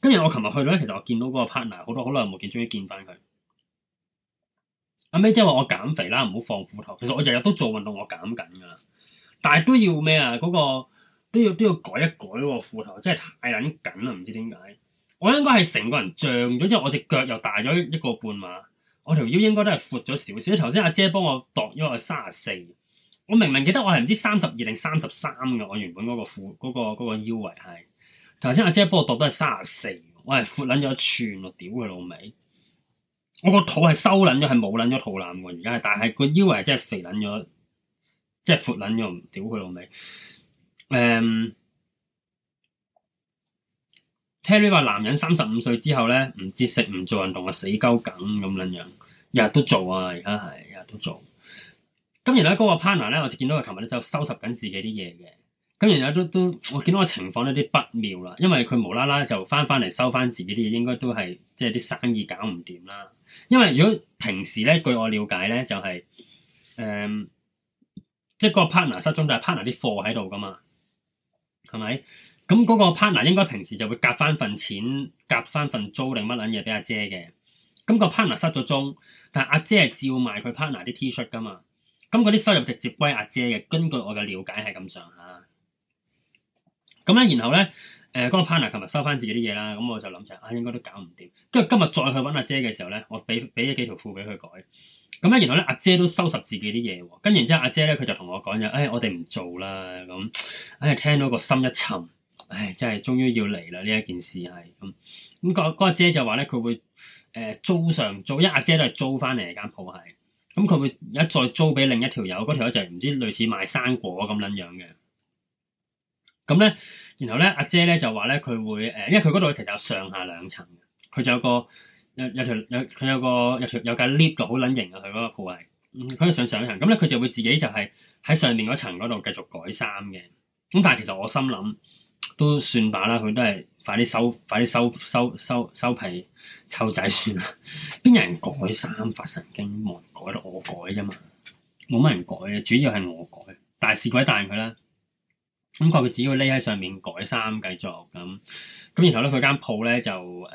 今日我琴日去到咧，其實我見到嗰個 partner 好多好耐冇見，終於見翻佢。阿妹姐話我減肥啦，唔好放褲頭。其實我日日都做運動，我減緊噶啦，但係都要咩啊？嗰、那個都要都要改一改個褲頭，真係太撚緊啦，唔知點解。我應該係成個人脹咗，因為我隻腳又大咗一個半碼，我條腰應該都係闊咗少少。頭先阿姐幫我度一個三十四，我, 34, 我明明記得我係唔知三十二定三十三噶，我原本嗰個褲嗰個嗰個腰圍係。頭、那、先、個那個、阿姐幫我度都係三十四，我係闊捻咗一寸咯，屌佢老味。我個肚係收撚咗，係冇撚咗肚腩喎。而家，但係個腰係真係肥撚咗，即係闊撚咗。唔屌佢老味。誒，Terry 話：男人三十五歲之後咧，唔知食唔做運動，死鳩梗咁撚樣。日日都做啊，而家係日日都做。咁而家嗰個 partner 咧，我就見到佢琴日咧就收拾緊自己啲嘢嘅。咁而家都都我見到個情況有啲不妙啦，因為佢無啦啦就翻翻嚟收翻自己啲嘢，應該都係即係啲生意搞唔掂啦。因為如果平時咧，據我了解咧，就係、是、誒、嗯，即係嗰個 partner 失蹤，就係 partner 啲貨喺度噶嘛，係咪？咁嗰個 partner 應該平時就會夾翻份錢、夾翻份租定乜撚嘢俾阿姐嘅。咁個 partner 失咗蹤，但係阿姐係照賣佢 partner 啲 T-shirt 噶嘛。咁嗰啲收入直接歸阿姐嘅。根據我嘅了解係咁上下。咁咧，然後咧。誒嗰、呃那個 partner 琴日收翻自己啲嘢啦，咁我就諗就啊應該都搞唔掂，跟住今日再去揾阿姐嘅時候咧，我俾俾咗幾條褲俾佢改，咁咧然後咧阿、啊、姐都收拾自己啲嘢，然啊、跟然之後阿姐咧佢就同我講就誒我哋唔做啦，咁、嗯、誒、哎、聽到個心一沉，唉、哎，真係終於要嚟啦呢一件事係咁，咁、嗯，那個嗰、那個姐就話咧佢會誒、呃、租上租，因為阿、啊、姐都係租翻嚟間鋪係，咁佢、嗯、會一再租俾另一條友，嗰條友就係唔知類似賣生果咁撚樣嘅。咁咧、嗯，然後咧，阿姐咧就話咧，佢會誒、呃，因為佢嗰度其實有上下兩層，佢就有個有有條有佢有個有條有架 lift 個好撚型嘅。佢嗰個鋪係佢上上層，咁咧佢就會自己就係喺上面嗰層嗰度繼續改衫嘅。咁、嗯、但係其實我心諗都算罷啦，佢都係快啲收，快啲收收收收，收皮湊仔算啦！邊有人改衫發神經，冇人改到我改啫嘛，冇乜人改嘅，主要係我改，大是鬼大佢啦。咁佢只要匿喺上面改衫繼續咁，咁然後咧佢間鋪咧就誒，仲、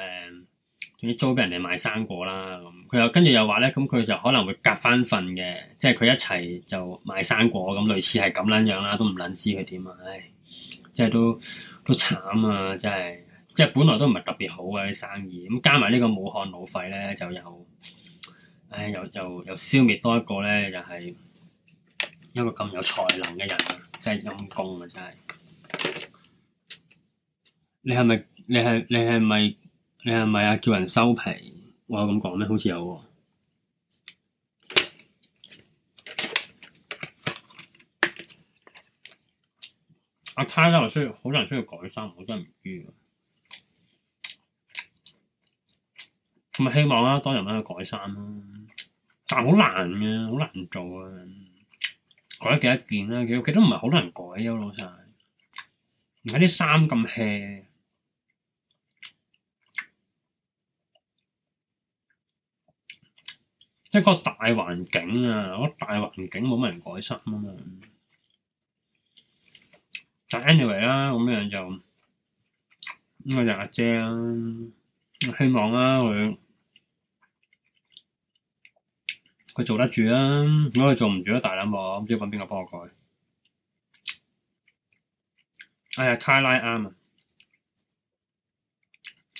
嗯、要租俾人哋賣生果啦咁。佢、嗯、又跟住又話咧，咁、嗯、佢就可能會夾翻份嘅，即係佢一齊就賣生果咁、嗯，類似係咁撚樣啦，都唔撚知佢點啊！唉，即係都都慘啊！真係，即係本來都唔係特別好嘅啲生意，咁加埋呢個武漢老廢咧，就有，唉，又又又消滅多一個咧，就係、是、一個咁有才能嘅人。真陰功啊！真係，你係咪？你係你係咪？你係咪啊？是是叫人收皮，我咁講咩？好似有喎、啊。阿卡咧，需要好多人需要改衫，我真唔知喎。咁啊，希望啦、啊，多人咧去改衫咯、啊，但係好難嘅、啊，好難做啊。改咗幾多件啦？其實佢都唔係好多人改啊，老細。而家啲衫咁 hea，即係個大環境啊，個大環境冇乜人改衫啊嘛。但 anyway 啦，咁樣就，咁我就阿姐啦，希望啦佢。佢做得住啦，如果佢做唔住咧，大膽我唔知揾邊個幫我改。哎呀，卡拉啱啊！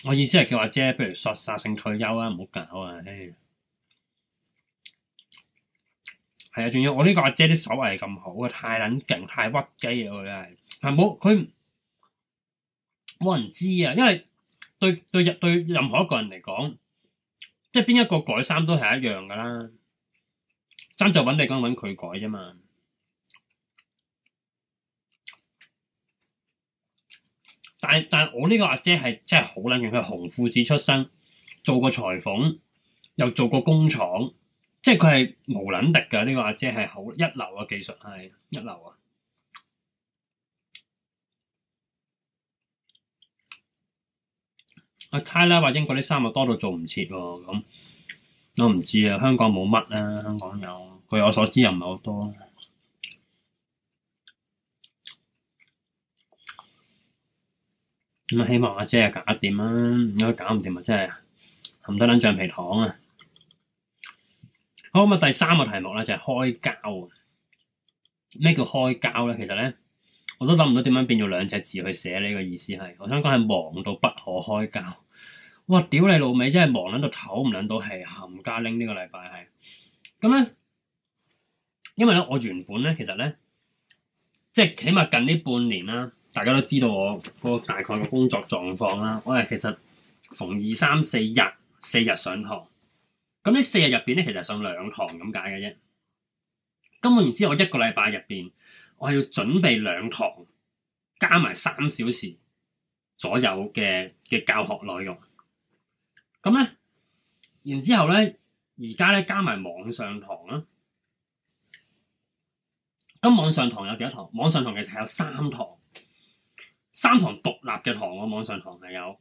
我意思係叫阿姐，不如索性退休啊！唔好搞啊！唉，係啊，仲要我呢個阿姐啲手藝咁好啊，太撚勁，太屈機啊！佢真係係冇佢冇人知啊，因為對對對對任何一個人嚟講，即係邊一個改衫都係一樣㗎啦。爭就揾你咁揾佢改啫嘛，但係但係我呢個阿姐係真係好捻勁，佢係紅褲子出身，做過裁縫，又做過工廠，即係佢係無捻敵噶呢個阿姐係好一流嘅技術係一流啊！阿泰拉話英國啲衫又多到做唔切喎咁。嗯我唔知啊，香港冇乜啦，香港有，據我所知又唔係好多啊。咁、嗯、希望阿姐啊搞掂啦，如果搞唔掂咪真係冚得撚橡皮糖啊！好咁啊、嗯，第三個題目咧就係、是、開膠啊！咩叫開膠咧？其實咧，我都諗唔到點樣變咗兩隻字去寫呢個意思係，我想講係忙到不可開交。哇！屌你老味，真係忙捻到唞唔捻到，係冚家拎呢個禮拜係。咁咧，因為咧我原本咧其實咧，即係起碼近呢半年啦，大家都知道我個大概嘅工作狀況啦。我係其實逢二三四日四日上堂，咁呢四日入邊咧，其實上兩堂咁解嘅啫。根本然之後，我一個禮拜入邊，我係要準備兩堂，加埋三小時左右嘅嘅教學內容。咁咧、嗯，然之後咧，而家咧加埋網上堂啦。咁網上堂有幾多堂？網上堂其實係有三堂，三堂獨立嘅堂喎、啊，網上堂係有。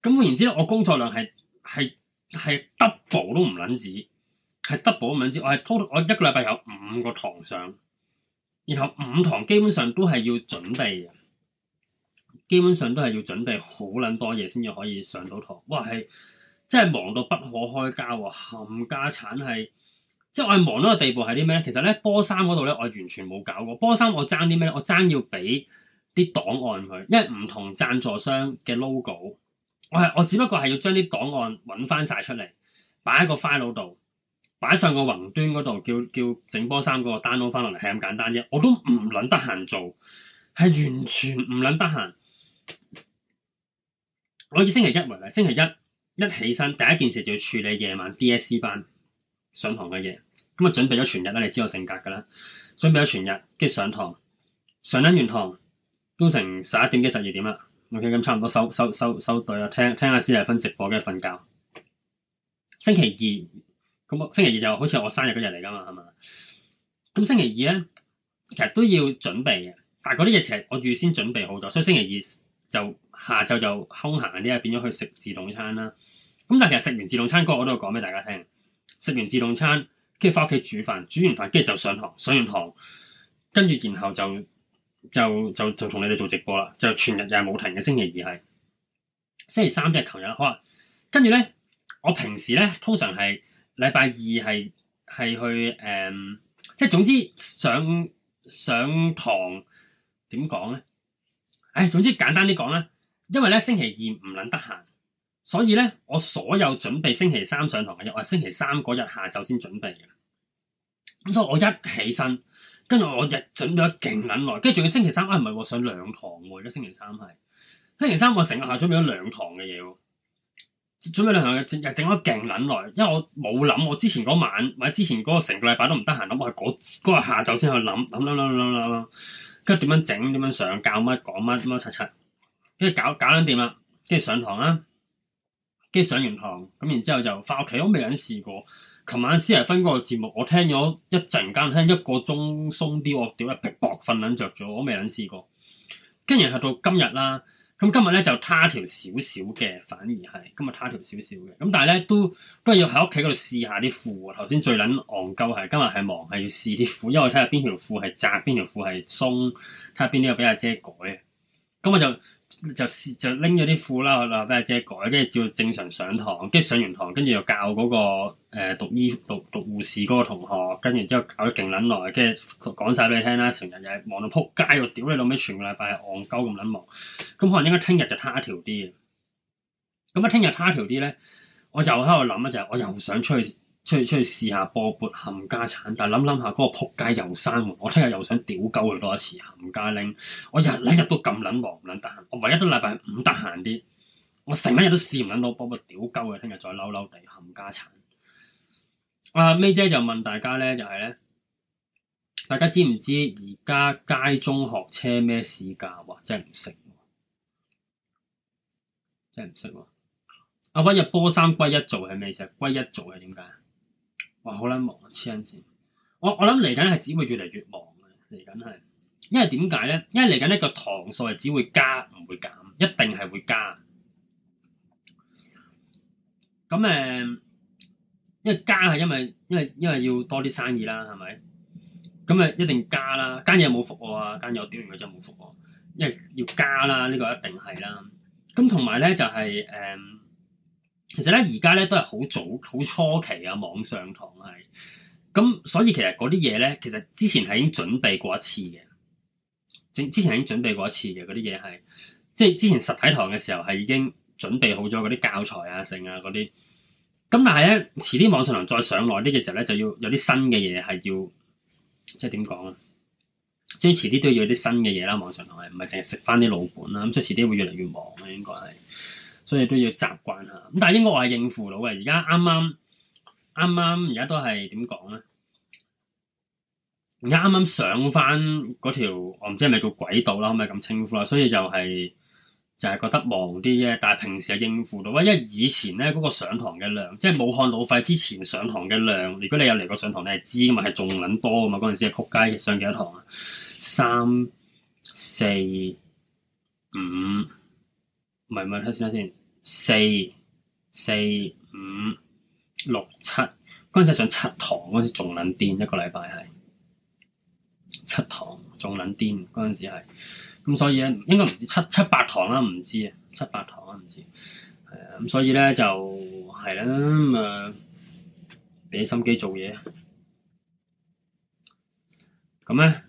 咁然之後，我工作量係係係 double 都唔撚止，係 double 都唔撚止。我係 total，我一個禮拜有五個堂上，然後五堂基本上都係要準備嘅。基本上都係要準備好捻多嘢先至可以上到堂。哇係真係忙到不可開交，冚家鏟係，即係我係忙到個地步係啲咩咧？其實咧波衫嗰度咧，我完全冇搞過。波衫我爭啲咩咧？我爭要俾啲檔案佢，因為唔同讚助商嘅 logo，我係我只不過係要將啲檔案揾翻晒出嚟，擺喺個 file 度，擺上個雲端嗰度，叫叫整波衫嗰個 download 翻落嚟，係咁簡單啫。我都唔捻得閒做，係完全唔捻得閒。我以星期一為例，星期一一起身，第一件事就要處理夜晚 DSC 班上堂嘅嘢，咁、嗯、啊準備咗全日啦。你知我性格噶啦，準備咗全日，跟住上堂上緊完堂都成十一點幾十二點啦。O.K. 咁、嗯、差唔多收收收收隊啦，聽聽下師奶芬直播，跟住瞓覺。星期二咁、嗯，星期二就好似我生日嗰日嚟噶嘛，係嘛？咁、嗯、星期二咧，其實都要準備嘅，但係嗰啲嘢其實我預先準備好咗，所以星期二。就下晝就空閒啲啊，變咗去食自動餐啦。咁但係其實食完自動餐，嗰個我都會講俾大家聽。食完自動餐，跟住翻屋企煮飯，煮完飯跟住就上堂，上完堂跟住然後就就就就同你哋做直播啦。就全日就係冇停嘅，星期二係。星期三即係琴日。好啊，跟住咧，我平時咧通常係禮拜二係係去誒、嗯，即係總之上上堂點講咧？唉，總之簡單啲、er、講啦，因為咧星期二唔撚得閒，所以咧我所有準備星期三上堂嘅嘢，我係星期三嗰日下晝先準備嘅。咁所以我一起身，跟住我日準備咗勁撚耐，跟住仲要星期三啊唔係喎，上兩堂喎，一星期三係。星期三我成日下準備咗兩堂嘅嘢喎，準備兩堂又整咗勁撚耐，因為我冇諗我之前嗰晚或者之前嗰個成個禮拜都唔得閒，諗我係嗰日下晝先去諗諗諗諗諗諗。跟住點樣整？點樣上？教乜講乜乜乜七七？跟住搞搞緊掂啦。跟住上堂啦。跟住上完堂咁，然之後就翻屋企。我未撚試過。琴晚先係分個節目，我聽咗一陣間，聽一個鐘鬆啲。我屌一劈噃，瞓撚着咗。我未撚試過。跟住後到今日啦。咁今日咧就攤條少少嘅，反而係今日攤條少少嘅。咁但係咧都不過要喺屋企嗰度試下啲褲喎。頭先最撚戇鳩係今日係忙係要試啲褲，因為睇下邊條褲係窄，邊條褲係鬆，睇下邊啲要俾阿姐改嘅。咁我就～就就拎咗啲褲啦，我話俾阿姐改，跟住照正常上堂，跟住上完堂，跟住又教嗰、嗰個誒、呃、讀醫讀讀，讀護士嗰個同學，跟住之後教得勁撚耐，跟住講晒俾你聽啦，成日又係忙到撲街喎，屌你老尾，全個禮拜係戇鳩咁撚忙，咁可能應該聽日就他條一他條啲，咁啊聽日他條啲咧，我就喺度諗啊，就係、係、我又想出去。出去出去試下波撥冚家產，但係諗諗下嗰個仆街又生喎，我聽日又想屌鳩佢多一次冚家拎，我日日都咁撚忙，唔撚得閒，我唯一都禮拜五得閒啲，我成日都試唔撚到波撥，屌鳩佢，聽日再嬲嬲地冚家產。阿、啊、May 姐就問大家咧，就係、是、咧，大家知唔知而家街中學車咩市價或者係唔識，真係唔識喎。阿温日波三歸一做係咩意思？歸一做係點解？我好撚忙，黐緊線。我我諗嚟緊係只會越嚟越忙嘅，嚟緊係。因為點解咧？因為嚟緊呢個堂數係只會加，唔會減，一定係會加。咁誒、呃，因為加係因為因為因為要多啲生意啦，係咪？咁誒，一定加啦。間嘢冇覆我啊，間嘢我屌完佢就冇覆我，啊服我啊。因為要加啦，呢、這個一定係啦。咁同埋咧就係、是、誒。呃其實咧，而家咧都係好早、好初期嘅、啊、網上堂係，咁所以其實嗰啲嘢咧，其實之前係已經準備過一次嘅，之前已經準備過一次嘅嗰啲嘢係，即係之前實體堂嘅時候係已經準備好咗嗰啲教材啊、剩啊嗰啲。咁但係咧，遲啲網上堂再上耐啲嘅時候咧，就要有啲新嘅嘢係要，即係點講啊？即係遲啲都要有啲新嘅嘢啦，網上堂係唔係淨係食翻啲老本啦？咁即係遲啲會越嚟越忙嘅、啊、應該係。所以都要習慣下，咁但係應該話係應付到嘅。而家啱啱啱啱，而家都係點講咧？而家啱啱上翻嗰條，我唔知係咪叫軌道啦，可唔可以咁稱呼啦？所以就係、是、就係覺得忙啲啫。但係平時係應付到啊，因為以前咧嗰個上堂嘅量，即係武漢老廢之前上堂嘅量，如果你有嚟過上堂，你係知噶嘛，係仲撚多噶嘛。嗰陣時係仆街上幾多堂啊？三、四、五，唔係唔係睇先睇先。四、四、五、六、七，嗰陣時上七堂，嗰陣時仲撚癲，一個禮拜係七堂，仲撚癲，嗰陣時係。咁所以咧，應該唔知七七八堂啦，唔知啊，七八堂啦，唔知。係啊，咁、嗯、所以咧就係、是、啦，咁俾、嗯、心機做嘢。咁咧，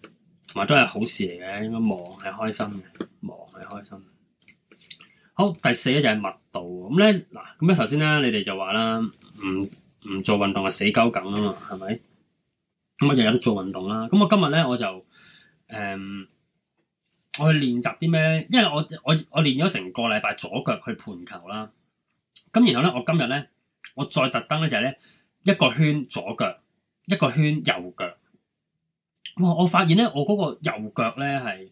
同埋都係好事嚟嘅，應該忙係開心嘅，忙係開心。好，第四咧就係物度，咁咧，嗱咁咧，頭先咧，你哋就話啦，唔唔做運動係死鳩梗啊嘛，係咪？咁乜嘢有得做運動啦？咁我今日咧，我就誒、嗯，我去練習啲咩？因為我我我練咗成個禮拜左腳去盤球啦。咁然後咧，我今日咧，我再特登咧就係、是、咧一個圈左腳，一個圈右腳。哇！我發現咧，我嗰個右腳咧係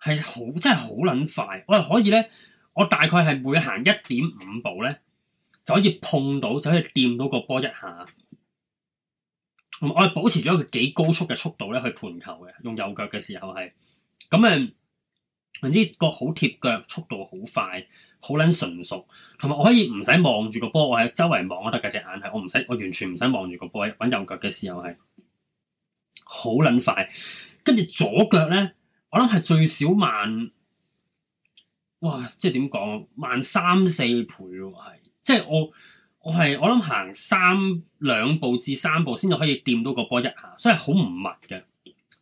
係好真係好撚快，我係可以咧。我大概係每行一點五步咧，就可以碰到，就可以掂到個波一下。我係保持咗一個幾高速嘅速度咧去盤球嘅，用右腳嘅時候係咁誒，總之、這個好貼腳，速度好快，好撚純熟。同埋我可以唔使望住個波，我喺周圍望得嘅隻眼係，我唔使，我完全唔使望住個波搵右腳嘅時候係好撚快。跟住左腳咧，我諗係最少慢。哇！即係點講，慢三四倍喎，係即係我我係我諗行三兩步至三步先至可以掂到個波一下，所以好唔密嘅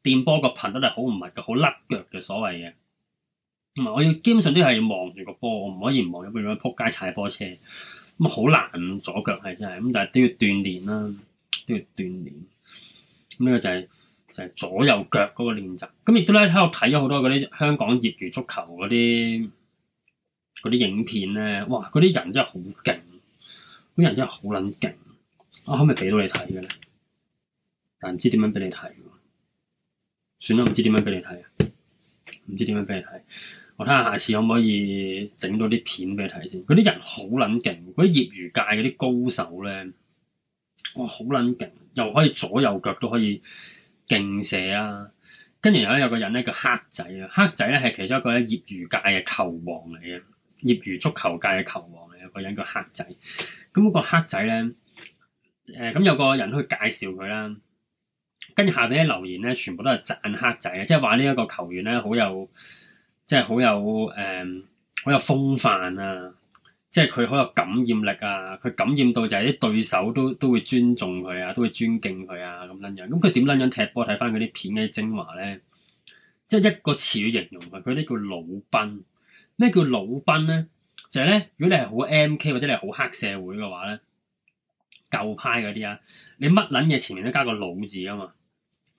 掂波個頻率係好唔密嘅，好甩腳嘅所謂嘅。同埋我要基本上都係要望住個波，我唔可以唔望咁樣扑街踩波車咁啊，好難，左腳係真係咁，但係都要鍛煉啦，都要鍛煉。咁呢個就係就係左右腳嗰個練習。咁亦都咧喺度睇咗好多嗰啲香港業餘足球嗰啲。嗰啲影片咧，哇！嗰啲人真係好勁，嗰啲人真係好撚勁。我可唔可以俾到你睇嘅咧？但唔知點樣俾你睇，算啦，唔知點樣俾你睇啊？唔知點樣俾你睇？我睇下下次可唔可以整到啲片俾你睇先。嗰啲人好撚勁，嗰啲業餘界嗰啲高手咧，哇！好撚勁，又可以左右腳都可以勁射啊！跟住咧有個人咧叫黑仔啊，黑仔咧係其中一個咧業餘界嘅球王嚟嘅。業餘足球界嘅球王有個人叫黑仔，咁個黑仔咧，誒、呃、咁有個人去介紹佢啦，跟住下邊啲留言咧，全部都係贊黑仔，即係話呢一個球員咧，好有，即係好有誒、呃，好有風範啊！即係佢好有感染力啊！佢感染到就係啲對手都都會尊重佢啊，都會尊敬佢啊咁樣樣。咁佢點撚樣踢波？睇翻佢啲片嘅精華咧，即係一個詞嚟形容佢，佢呢個老賓。咩叫老奔咧？就係咧，如果你係好 M.K. 或者你好黑社會嘅話咧，舊派嗰啲啊，你乜撚嘢前面都加個老字啊嘛。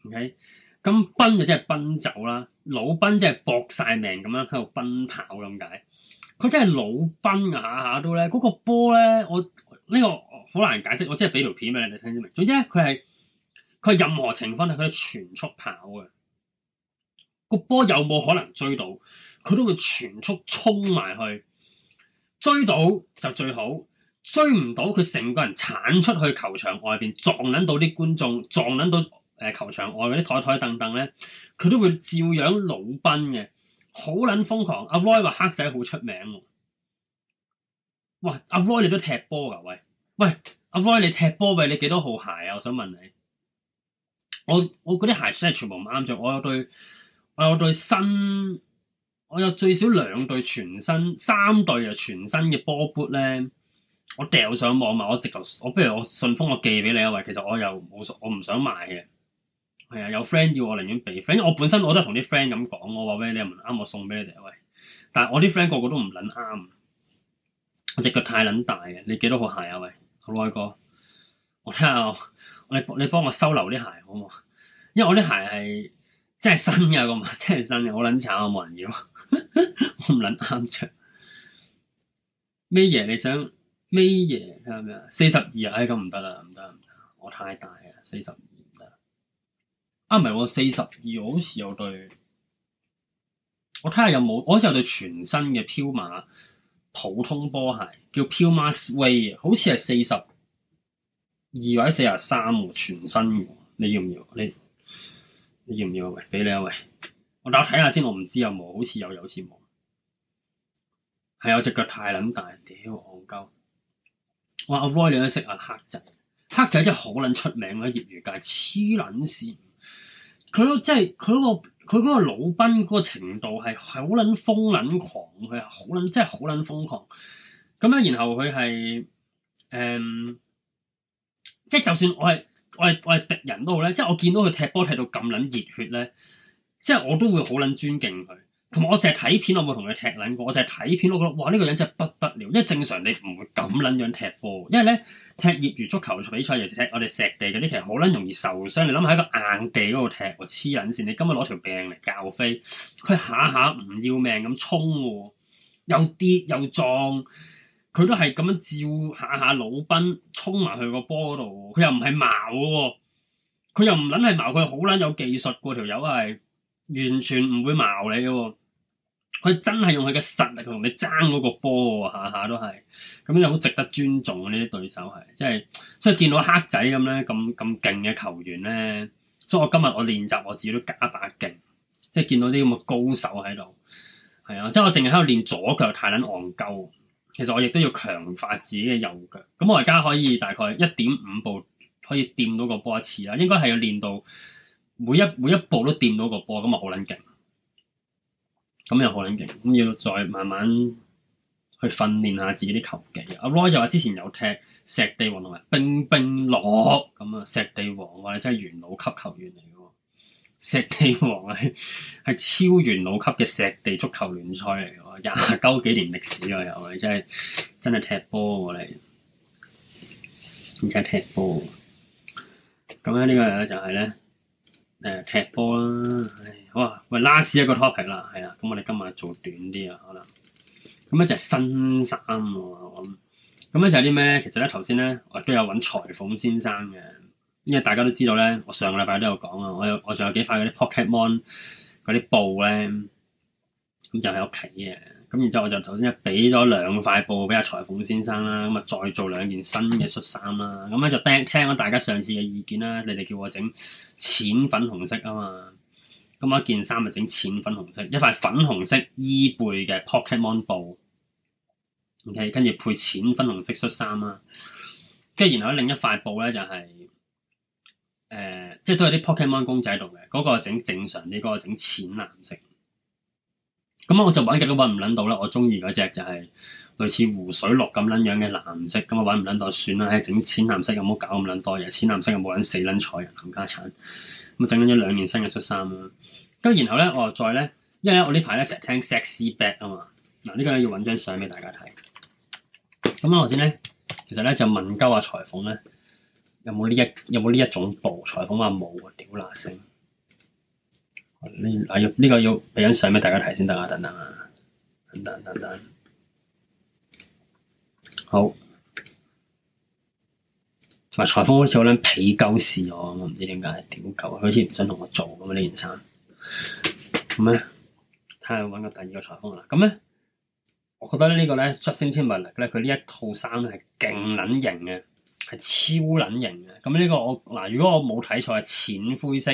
OK，咁奔就即係奔走啦，老奔即係搏晒命咁樣喺度奔跑咁解。佢真係老奔啊，下下都咧，嗰個波咧，我呢個好難解釋。我真係俾條片俾你哋聽啲明。總之咧，佢係佢係任何情況咧，佢都全速跑嘅。個波有冇可能追到？佢都會全速衝埋去，追到就最好，追唔到佢成個人鏟出去球場外邊，撞撚到啲觀眾，撞撚到誒球場外嗰啲台台凳凳咧，佢都會照樣老奔嘅，好撚瘋狂。阿 Roy 話黑仔好出名喎，哇！阿 Roy 你都踢波㗎？喂喂，阿 Roy 你踢波，喂你幾多號鞋啊？我想問你，我我嗰啲鞋真係全部唔啱着。我有對我有對新。我有最少兩對全新，三對又全新嘅波 boot 咧，我掉上網嘛，我直頭，我不如我順豐我寄俾你啊喂，其實我又冇，我唔想賣嘅，係啊，有 friend 要我寧願俾 friend，我本身我都同啲 friend 咁講，我話俾你你又唔啱，我送俾你哋啊喂，但係我啲 friend 個個都唔捻啱，我隻腳太捻大嘅，你幾多號鞋啊喂？好耐哥，我睇下，你你幫我收留啲鞋好唔好？因為我啲鞋係即係新嘅咁嘛，真係新嘅，好捻慘啊，冇人要。我唔捻啱着咩嘢？ *laughs* 你想咩嘢咩啊？四十二啊，咁唔得啦，唔得，我太大啊，四十二唔得？啊唔係，四十二我好似有對，我睇下有冇，我好似有對全新嘅飄馬普通波鞋，叫飄馬 suede，好似係四十二或者四十三，全新，你要唔要？你你要唔要？喂，俾你啊喂。我睇下先，我唔知有冇，好似有，有似冇。係有隻腳太撚大，屌戇鳩。我阿 Roy 你都識啊，黑仔，黑仔真係好撚出名啦！業餘界黐撚線，佢都即係佢嗰個佢嗰個老賓個程度係好撚瘋撚狂，佢係好撚真係好撚瘋狂。咁樣，然後佢係誒，即、嗯、係就算我係我係我係敵人都好咧，即係我見到佢踢波踢到咁撚熱血咧。即係我都會好撚尊敬佢，同埋我淨係睇片，我冇同佢踢撚過，我淨係睇片，我覺得哇，呢個樣真係不得了，因為正常你唔會咁撚樣踢波，因為咧踢業餘足球賽比賽尤其踢我哋石地嗰啲，其實好撚容易受傷。你諗下喺個硬地嗰度踢，我黐撚線，你今日攞條病嚟教飛，佢下下唔要命咁衝，又跌又撞，佢都係咁樣照下下老賓衝埋去個波度，佢又唔係矛嘅喎，佢又唔撚係矛，佢好撚有技術，個條友係。完全唔會鬧你喎，佢真係用佢嘅實力同你爭嗰個波喎，下下都係，咁你好值得尊重嘅呢啲對手係，即係所以見到黑仔咁咧，咁咁勁嘅球員咧，所以我今日我練習我自己都加把勁，即係見到啲咁嘅高手喺度，係啊，即係我淨係喺度練左腳太撚戇鳩，其實我亦都要強化自己嘅右腳，咁我而家可以大概一點五步可以掂到個波一次啦，應該係要練到。每一每一步都掂到個波，咁啊好撚勁，咁又好撚勁，咁要再慢慢去訓練下自己啲球技。阿 Roy 就話之前有踢石地王同埋冰冰樂，咁啊石地王，哇，你真係元老級球員嚟嘅喎，石地王係係超元老級嘅石地足球聯賽嚟嘅，廿九幾年歷史嘅，又你真係真係踢波嚟，而且踢波。咁咧呢個就係咧。誒踢波啦，唉，好啊，喂，last 一個 topic 啦，係啊，咁我哋今日做短啲啊，可能，咁咧就係新衫喎，咁，咁咧就係啲咩咧？其實咧頭先咧，我都有揾裁縫先生嘅，因為大家都知道咧，我上個禮拜都有講啊，我有我仲有幾塊嗰啲 Pokemon 嗰啲布咧，咁就喺屋企嘅。咁然之後，我就頭先就俾咗兩塊布俾阿裁縫先生啦，咁啊再做兩件新嘅恤衫啦。咁咧就聽聽咗大家上次嘅意見啦，你哋叫我整淺粉紅色啊嘛，咁一件衫就整淺粉紅色，一塊粉紅色衣背嘅 Pokemon 布，OK，跟住配淺粉紅色恤衫啦。跟住然後另一塊布咧就係、是、誒、呃，即係都有啲 Pokemon 公仔度嘅，嗰、那個整正常啲，嗰、那個整淺藍色。咁我就揾極都揾唔撚到啦！我中意嗰隻就係、是、類似湖水綠咁撚樣嘅藍色，咁啊揾唔撚到就算，算啦，係整淺藍色，有冇搞咁撚多嘢？淺藍色有冇撚死撚彩人冚家鏟。咁啊整咗兩年新嘅恤衫啦，咁然後咧我又再咧，因為呢我呢排咧成日聽 sexy back 啊嘛，嗱、這個、呢個咧要揾張相俾大家睇。咁啊頭先咧，其實咧就問鳩下、啊、裁縫咧，有冇呢一有冇呢一種布？裁縫話冇啊，屌乸聲。呢啊要呢個要俾張相俾大家睇先得啊！等等啊，等等等等，好。同埋裁縫好似好捻皮狗事我，唔知點解點狗，好似唔想同我做咁啊呢件衫。咁、嗯、咧，睇下搵個第二個裁縫啦。咁、嗯、咧，我覺得個呢呢個咧 Justin Timberlake 咧，佢呢一套衫係勁捻型嘅，係超捻型嘅。咁、嗯、呢、這個我嗱，如果我冇睇錯係淺灰色。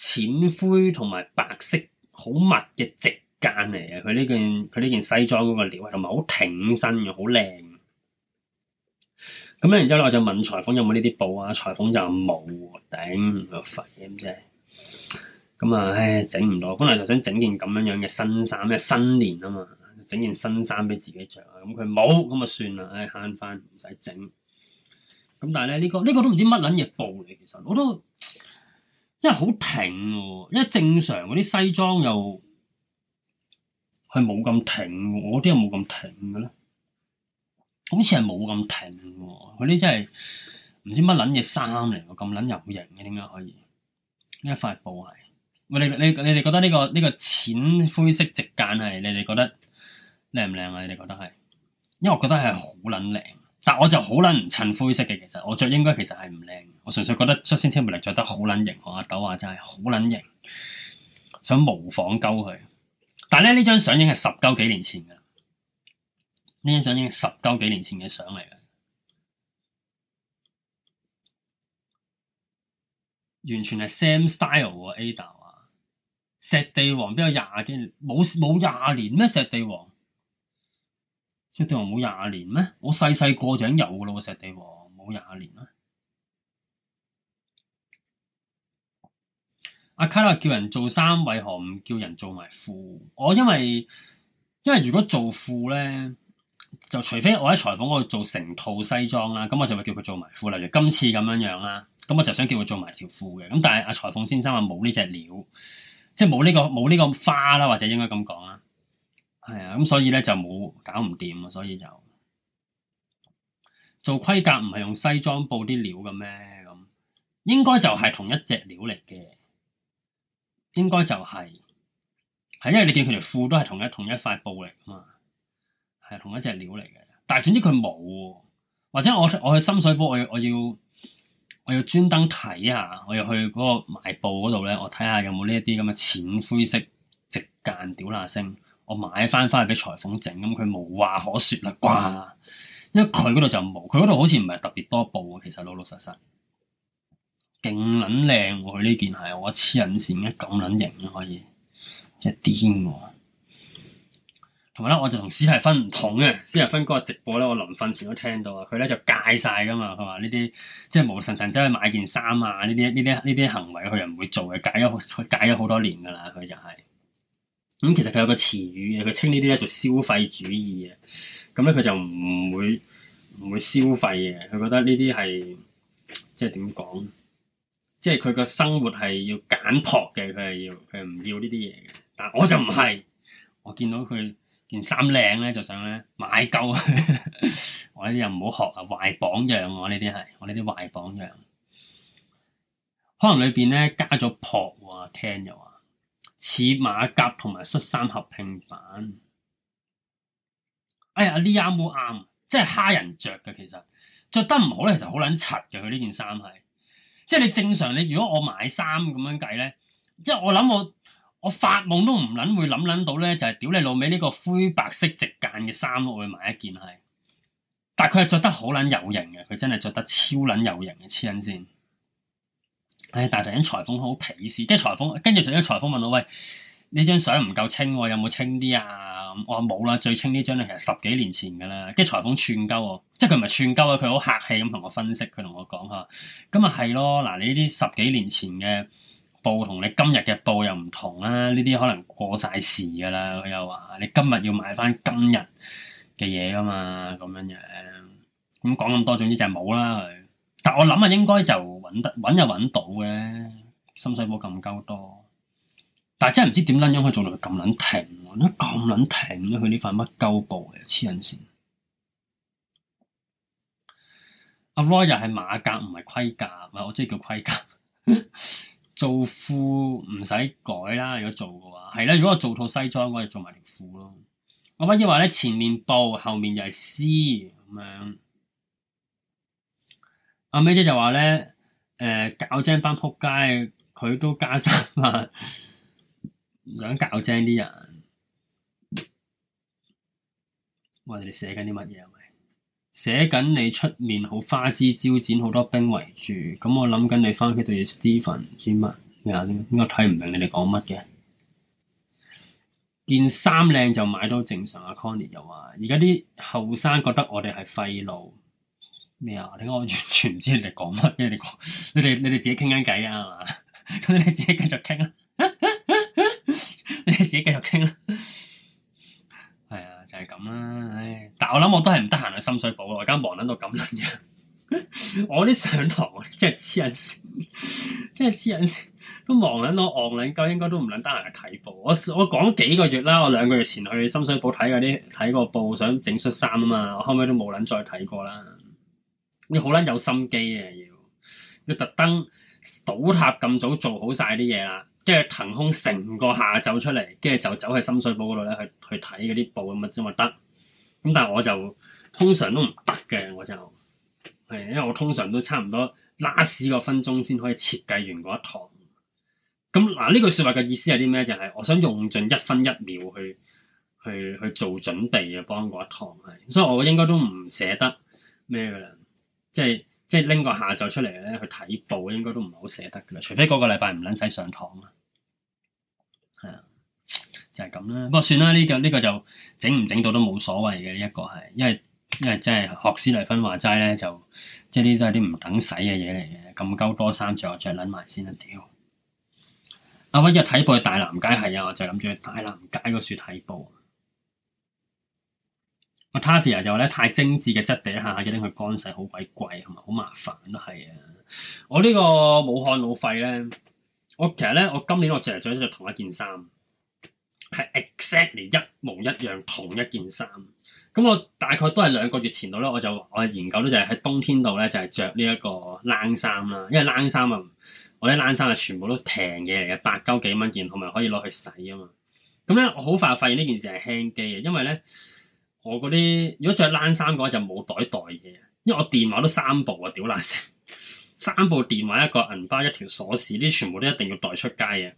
淺灰同埋白色，好密嘅直間嚟嘅。佢呢件佢呢件西裝嗰個料，同埋好挺身嘅，好靚。咁咧，然之後咧，我就問裁縫有冇呢啲布啊？裁縫就冇，頂個肺嘅咁啫。咁、呃、啊，唉，整唔到。本來就想整件咁樣樣嘅新衫，咩新年啊嘛，整件新衫俾自己着啊。咁佢冇，咁啊算啦，唉慳翻，唔使整。咁但係咧，呢、這個呢、這個都唔知乜捻嘢布嚟，其實我都。因為好挺喎、啊，因為正常嗰啲西裝又係冇咁挺、啊，我啲又冇咁挺嘅、啊、咧，好似係冇咁挺喎、啊。佢啲真係唔知乜撚嘢衫嚟，咁撚有型嘅點解可以？一塊布嚟。喂，你你你哋覺得呢、這個呢、這個淺灰色直間係你哋覺得靚唔靚啊？你哋覺得係，因為我覺得係好撚靚。但我就好捻唔襯灰色嘅。其實我着應該其實係唔靚，我純粹覺得 Justin Timberlake 着得好撚型，我阿豆話真係好撚型，想模仿鳩佢。但係咧，呢張相已經係十鳩幾年前嘅，呢張相已經係十鳩幾年前嘅相嚟嘅，完全係 same style a 阿豆啊！石《石地王》邊有廿幾年？冇冇廿年咩《石地王》？石地王冇廿年咩？我細細個就有噶啦，石地王冇廿年啊！阿卡拉叫人做衫，為何唔叫人做埋褲？我因為因為如果做褲咧，就除非我喺裁縫嗰度做成套西裝啦，咁我就會叫佢做埋褲，例如今次咁樣樣啦。咁我就想叫佢做埋條褲嘅。咁但係阿裁縫先生話冇呢隻料，即係冇呢個冇呢個花啦，或者應該咁講啦。係啊，咁所以咧就冇搞唔掂啊，所以就做規格唔係用西裝布啲料嘅咩？咁應該就係同一隻料嚟嘅，應該就係係、就是、因為你見佢條褲都係同一同一塊布嚟嘅嘛，係同一隻料嚟嘅。但係總之佢冇，或者我我去深水埗，我要我要我要專登睇下，我要去嗰個賣布嗰度咧，我睇下有冇呢一啲咁嘅淺灰色直間屌乸聲。我買翻翻去俾裁縫整，咁佢無話可説啦啩，因為佢嗰度就冇，佢嗰度好似唔係特別多布，其實老老實實，勁撚靚喎！佢呢件係，我黐撚線嘅，咁撚型可以，真係癲喎！同埋咧，我就同史提芬唔同嘅。史提芬嗰個直播咧，我臨瞓前都聽到啊，佢咧就戒晒噶嘛，佢話呢啲即係無神神走去買件衫啊，呢啲呢啲呢啲行為佢又唔會做嘅，戒咗戒咗好多年噶啦，佢就係。咁其實佢有個詞語嘅，佢稱呢啲咧做消費主義嘅。咁咧佢就唔會唔會消費嘅，佢覺得呢啲係即係點講？即係佢個生活係要簡樸嘅，佢係要佢唔要呢啲嘢嘅。但我就唔係，我見到佢件衫靚咧，就想咧買夠。 *laughs* 我呢啲又唔好學啊，壞榜樣喎、啊！呢啲係我呢啲壞榜樣。可能裏邊咧加咗樸啊聽又話。似馬甲同埋恤衫合拼版，哎呀，呢啱好啱，即係蝦人着嘅其實，着得唔好咧，其實好撚柒嘅佢呢件衫係，即係你正常你如果我買衫咁樣計咧，即係我諗我我發夢都唔撚會諗撚到咧，就係、是、屌你老味呢個灰白色直間嘅衫，我會買一件係，但係佢係着得好撚有型嘅，佢真係着得超撚有型嘅黐撚線。誒、哎，但係突然間啲裁縫好鄙視，跟住裁縫，跟住仲有啲裁縫問我：喂，呢張相唔夠清，有冇清啲啊？我話冇啦，最清呢張咧，其實十幾年前嘅啦。跟住裁縫串鳩喎，即係佢唔係串鳩啊！佢好客氣咁同我分析，佢同我講吓，咁啊係咯，嗱，你呢啲十幾年前嘅布同你今日嘅布又唔同啦，啊，呢啲可能過晒時噶啦。佢又話：你今日要買翻今日嘅嘢噶嘛？咁樣樣，咁講咁多，總之就係冇啦。但我諗啊，應該就搵得搵又搵到嘅，深水埗咁鳩多。但係真係唔知點捻樣可以，佢做到佢咁捻停喎！咁捻停咧，佢呢塊乜鳩布嚟？黐人線。阿 Roy 係馬甲唔係盔甲，唔係我即係叫盔甲。 *laughs* 做褲唔使改啦，如果做嘅話係啦。如果我做套西裝，我就做埋條褲咯。我 b 以 e 話咧，前面布，後面又係絲咁樣。阿 May 姐就話咧，誒、呃，搞精班撲街，佢都加薪啊，唔想搞精啲人。我哋寫緊啲乜嘢？寫緊你出面好花枝招展，好多兵圍住。咁我諗緊你翻屋企對住 Stephen 知乜？咩啊？應該睇唔明你哋講乜嘅？件衫靚就買到正常。阿 Conny 又話，而家啲後生覺得我哋係廢老。」咩啊？你我完全唔知你哋講乜，跟你講，你哋你哋自己傾緊偈啊？咁 *laughs* 你哋自己繼續傾啦， *laughs* 你哋自己繼續傾啦。係 *laughs* 啊，就係咁啦。唉，但我諗我都係唔得閒去深水埗咯，而家忙撚到咁撚樣。我啲 *laughs* 上堂即係黐人線，即係黐人線都忙撚到戇撚鳩，應該都唔撚得閒去睇報。我我講幾個月啦，我兩個月前去深水埗睇嗰啲睇個報，想整恤衫啊嘛，我後尾都冇撚再睇過啦。你好撚有心機呀，要要特登倒塌咁早做好晒啲嘢啦，跟住騰空成個下晝出嚟，跟住就走去深水埗度咧，去去睇嗰啲布咁樣先得。咁但係我就通常都唔得嘅，我就係因為我通常都差唔多 last 個分鐘先可以設計完嗰一堂。咁嗱呢句説話嘅意思係啲咩？就係、是、我想用盡一分一秒去去去，去做準備啊，幫嗰一堂係，所以我應該都唔捨得咩㗎啦。即係即係拎個下晝出嚟咧去睇報，應該都唔係好捨得㗎啦。除非嗰個禮拜唔撚使上堂啊，係、嗯、啊，就係咁啦。不過算啦，呢、這個呢、這個就整唔整到都冇所謂嘅呢一個係，因為因為真、就、係、是、學師麗芬話齋咧，就即係呢啲都係啲唔等使嘅嘢嚟嘅，咁鳩多衫著着撚埋先啊屌！阿威一日睇報去大南街係啊，我就諗住去大南街嗰處睇報。阿 Tavia 就話咧，太精致嘅質地下下要拎去乾洗，好鬼貴，係咪好麻煩？都係啊！我呢個武漢老廢咧，我其實咧，我今年我成日着住同一件衫，係 exactly 一模一樣同一件衫。咁我大概都係兩個月前度咧，我就我研究都就係喺冬天度咧，就係着呢一個冷衫啦。因為冷衫啊，我啲冷衫啊，全部都平嘅嚟嘅，百九幾蚊件，同埋可以攞去洗啊嘛。咁咧，我好快發現呢件事係輕機嘅，因為咧。我嗰啲，如果着冷衫嘅話，就冇袋袋嘅，因為我電話都三部啊！屌，嗱成三部電話，一個銀包，一條鎖匙，呢啲全部都一定要袋出街嘅。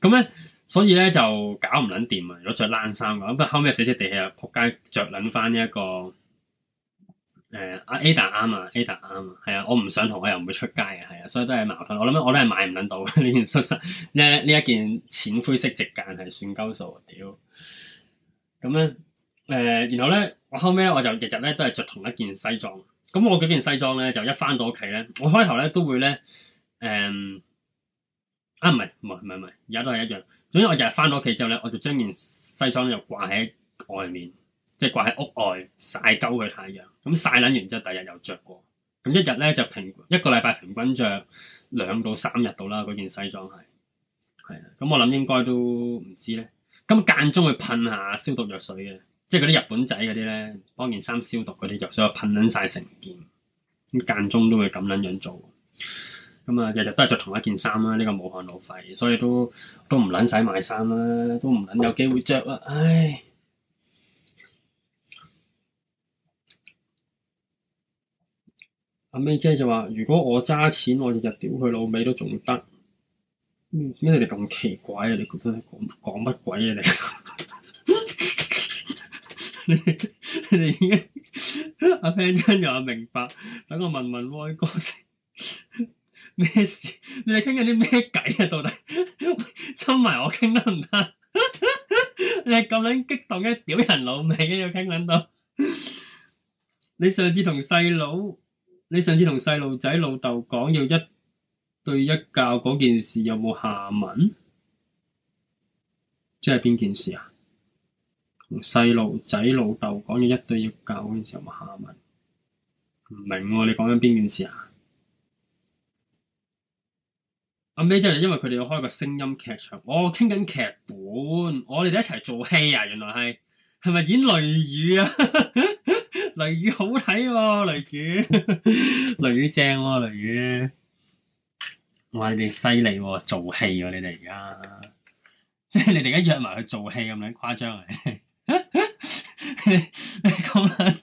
咁咧，所以咧就搞唔撚掂啊！如果着冷衫嘅，咁但後尾死死地氣啊，仆街着撚翻呢一個誒阿 Ada 啱啊，Ada 啱啊，係、呃、啊，我唔想同佢又唔會出街啊，係啊，所以都係矛盾。我諗，我都係買唔撚到呢件恤衫，呢呢一件淺灰色直間係算鳩數啊！屌，咁咧。誒、呃，然後咧，我後尾咧，我就日日咧都係着同一件西裝。咁我嗰件西裝咧，就一翻到屋企咧，我開頭咧都會咧，誒、嗯，啊，唔係，唔係，唔係，而家都係一樣。總之，我日日翻到屋企之後咧，我就將件西裝又掛喺外面，即係掛喺屋外曬鳩佢太陽。咁曬撚完之後，第日又着過。咁一日咧就平一個禮拜平均着兩到三日到啦。嗰件西裝係係啊，咁我諗應該都唔知咧。咁間中去噴下消毒藥水嘅。即係嗰啲日本仔嗰啲咧，幫件衫消毒嗰啲，就所以噴撚曬成件，咁間中都會咁撚樣做。咁啊，日日都係着同一件衫啦，呢、這個武漢老費，所以都都唔撚使買衫啦，都唔撚有機會着啦，唉。阿 May 姐就話：如果我揸錢，我日日屌佢老味都仲得。咩、嗯、你哋咁奇怪啊？你覺得你講講乜鬼啊你？ *laughs* 你哋你哋已經阿 pen 春又明白，等我問問 Y 哥先咩事？你哋傾緊啲咩計啊？到底摻埋我傾得唔得？你係咁樣激動嘅屌人老味嘅又傾緊到？你上次同細佬，你上次同細路仔老豆講要一對一教嗰件事有冇下文？即係邊件事啊？同細路仔老豆講嘢一對要教嘅時候我，我下文。唔明喎、啊，你講緊邊件事啊？阿 May 姐就因為佢哋要開個聲音劇場，我傾緊劇本，我、哦、哋一齊做戲啊！原來係係咪演雷雨啊？ *laughs* 雷雨好睇喎、啊，雷雨 *laughs* 雷雨正喎、啊，雷雨哇！你哋犀利喎，做戲喎，你哋而家即係你哋而家約埋去做戲咁樣誇張啊！ *laughs* 你咁卵，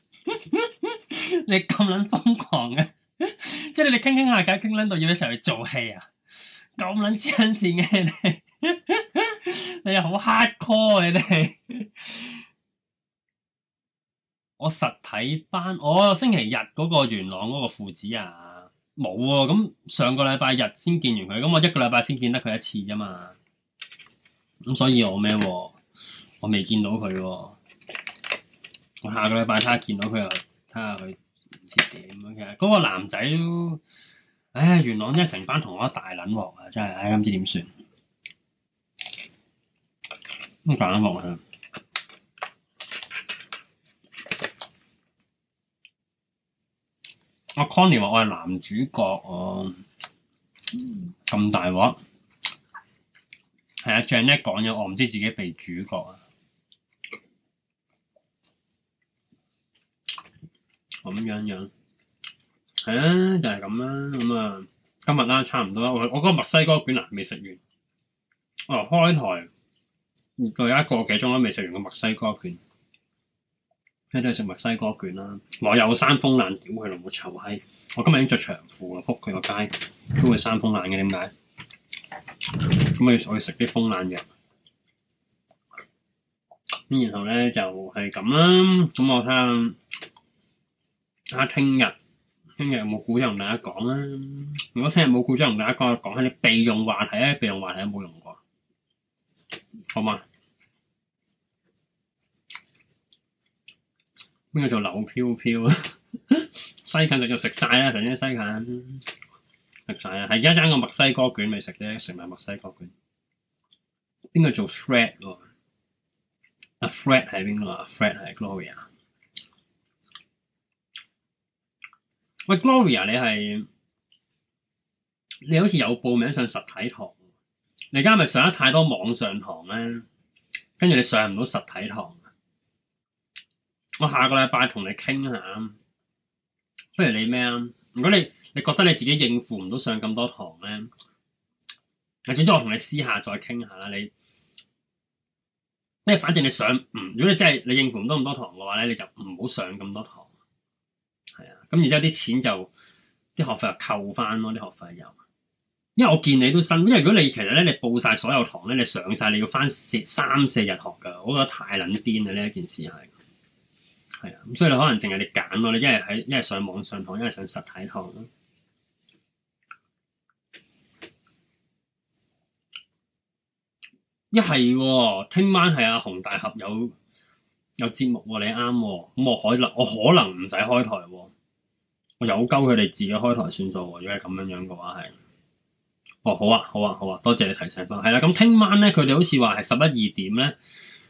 你咁卵瘋狂嘅、啊， *laughs* 即係你哋傾傾下偈，傾卵到要一齊去做戲啊？咁卵黐線嘅你、啊，你又好黑 call 嘅你。我實體班，我、哦、星期日嗰個元朗嗰個父子啊，冇啊。咁上個禮拜日先見完佢，咁我一個禮拜先見得佢一次啫嘛。咁所以我咩喎？我未見到佢喎、哦，我下個禮拜睇下見到佢又睇下佢唔知點啊！嘅。其實嗰個男仔都，唉元朗真係成班同學大撚鑊啊！真係唉，唔知點算。咁大鑊啊！阿 Connie 話我係男主角，我咁、嗯、大鑊，係啊 Jeanne 講咗，我唔知自己被主角啊！咁樣樣，係啦、啊，就係咁啦。咁啊，今日啦、啊，差唔多。我我嗰個墨西哥卷啊，未食完。我、啊、開台，仲有一個幾鐘都未食完個墨西哥卷。一啲係食墨西哥卷啦、啊啊，我有生風癩，屌佢老母臭閪。我今日已經着長褲喇，仆佢個街都會生風癩嘅，點解？咁我要我要食啲風癩藥。咁然後咧就係咁啦。咁我睇下、啊。睇下聽日，聽日、啊、有冇故障同大家講啊？如果聽日冇故障同大家講，下啲備用話題啊，備用話題有冇用過，好嘛？邊個做柳飄飄啊？ *laughs* 西芹就食晒啊！頭先西芹食晒啊！係而家爭個墨西哥卷未食啫，食埋墨西哥卷。邊個做 Fred 喎？阿 Fred 係邊個？阿 Fred 係 Gloria。喂，Gloria，你係你好似有報名上實體堂，你而家係咪上得太多網上堂咧？跟住你上唔到實體堂。我下個禮拜同你傾下，不如你咩啊？如果你你覺得你自己應付唔到上咁多堂咧，啊，總之，我同你私下再傾下啦。你即係反正你上，嗯，如果你真係你應付唔到咁多堂嘅話咧，你就唔好上咁多堂。咁然之後啲錢就啲學費又扣翻咯，啲學費又，因為我見你都新，因為如果你其實咧，你報晒所有堂咧，你上晒你要翻四三,三四日學噶，我覺得太撚癲啦，呢一件事係係啊，咁所以你可能淨係你揀咯，你一係喺一係上網上堂，一係上實體堂咯。一係喎，聽、哦、晚係啊洪大俠有有節目喎、哦，你啱咁、哦、我，我可能我可能唔使開台喎、哦。我、哦、有鳩佢哋自己開台算數喎，如果係咁樣樣嘅話係哦，好啊，好啊，好啊，多謝你提醒翻係啦。咁聽晚咧，佢哋好似話係十一二點咧，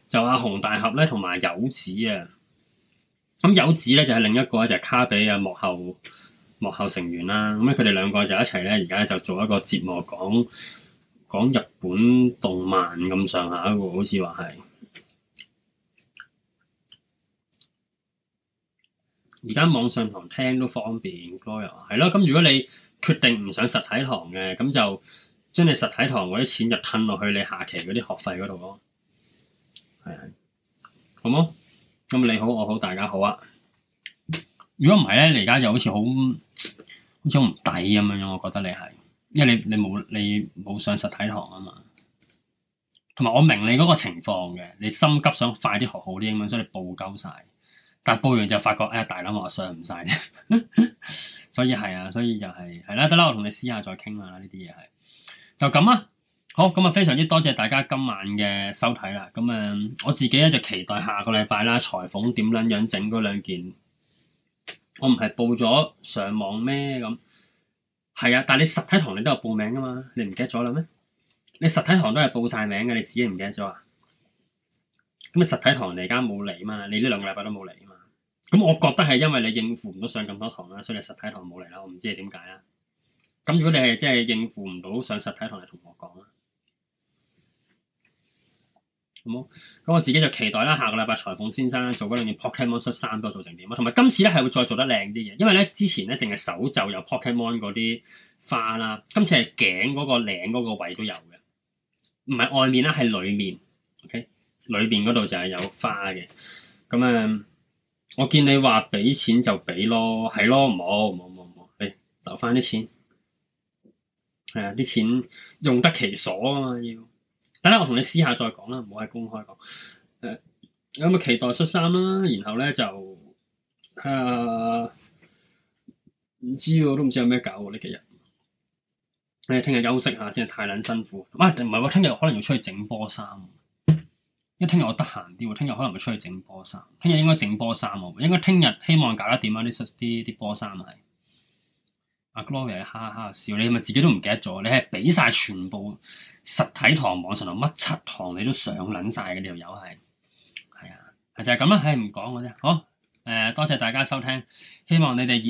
就阿熊大俠咧同埋友子啊。咁友子咧就係、是、另一個咧，就係、是、卡比啊幕後幕後成員啦、啊。咁咧佢哋兩個就一齊咧，而家就做一個節目，講講日本動漫咁上下一個，好似話係。而家網上堂聽都方便，係咯。咁如果你決定唔上實體堂嘅，咁就將你實體堂嗰啲錢就吞落去你下期嗰啲學費嗰度咯。係啊，好冇？咁你好，我好，大家好啊。如果唔係咧，你而家又好似好好似好唔抵咁樣樣，我覺得你係，因為你你冇你冇上實體堂啊嘛。同埋我明你嗰個情況嘅，你心急想快啲學好啲英文，所以你報鳩晒。但報完就發覺，哎呀大佬，我上唔晒。 *laughs* 所以係啊，所以就係係啦，得啦，我同你私下再傾下啦，呢啲嘢係就咁啊。好，咁啊，就非常之多謝大家今晚嘅收睇啦。咁啊，我自己咧就期待下個禮拜啦，裁縫點撚樣整嗰兩件。我唔係報咗上網咩咁？係啊，但係你實體堂你都有報名噶嘛？你唔記得咗啦咩？你實體堂都係報晒名嘅，你自己唔記得咗啊？咁你實體堂你而家冇嚟啊嘛？你呢兩個禮拜都冇嚟。咁、嗯、我覺得係因為你應付唔到上咁多堂啦，所以你實體堂冇嚟啦。我唔知係點解啦。咁如果你係真係應付唔到上實體堂，你同我講啦。好冇？咁我自己就期待啦，下個禮拜裁縫先生做嗰兩件 Pokemon 恤衫，幫我做成點啊？同埋今次咧係會再做得靚啲嘅，因為咧之前咧淨係手袖有 Pokemon 嗰啲花啦，今次係頸嗰個領嗰個位都有嘅，唔係外面啦，係裏面。OK，裏面嗰度就係有花嘅。咁、嗯、啊～我見你話俾錢就俾咯，係咯，唔好唔好唔好唔好，誒、欸，留翻啲錢，係啊，啲錢用得其所啊嘛，要，等下我同你私下再講啦，唔好喺公開講，誒、啊，有、嗯、冇期待恤衫啦？然後咧就，誒、啊，唔知我都唔知有咩搞呢幾日，誒、啊，聽日休息下先，太捻辛苦，哇、啊，唔係我聽日可能要出去整波衫。因為聽日我得閒啲喎，聽日可能會出去整波衫。聽日應該整波衫喎，應該聽日希望搞得點啊啲啲啲波衫係。阿 Gloria 哈哈笑，你係咪自己都唔記得咗？你係畀晒全部實體堂網上頭乜七堂你都上撚晒嘅呢條友係。係啊，就係咁啦，唉唔講嘅啫。好誒、呃，多謝大家收聽，希望你哋演。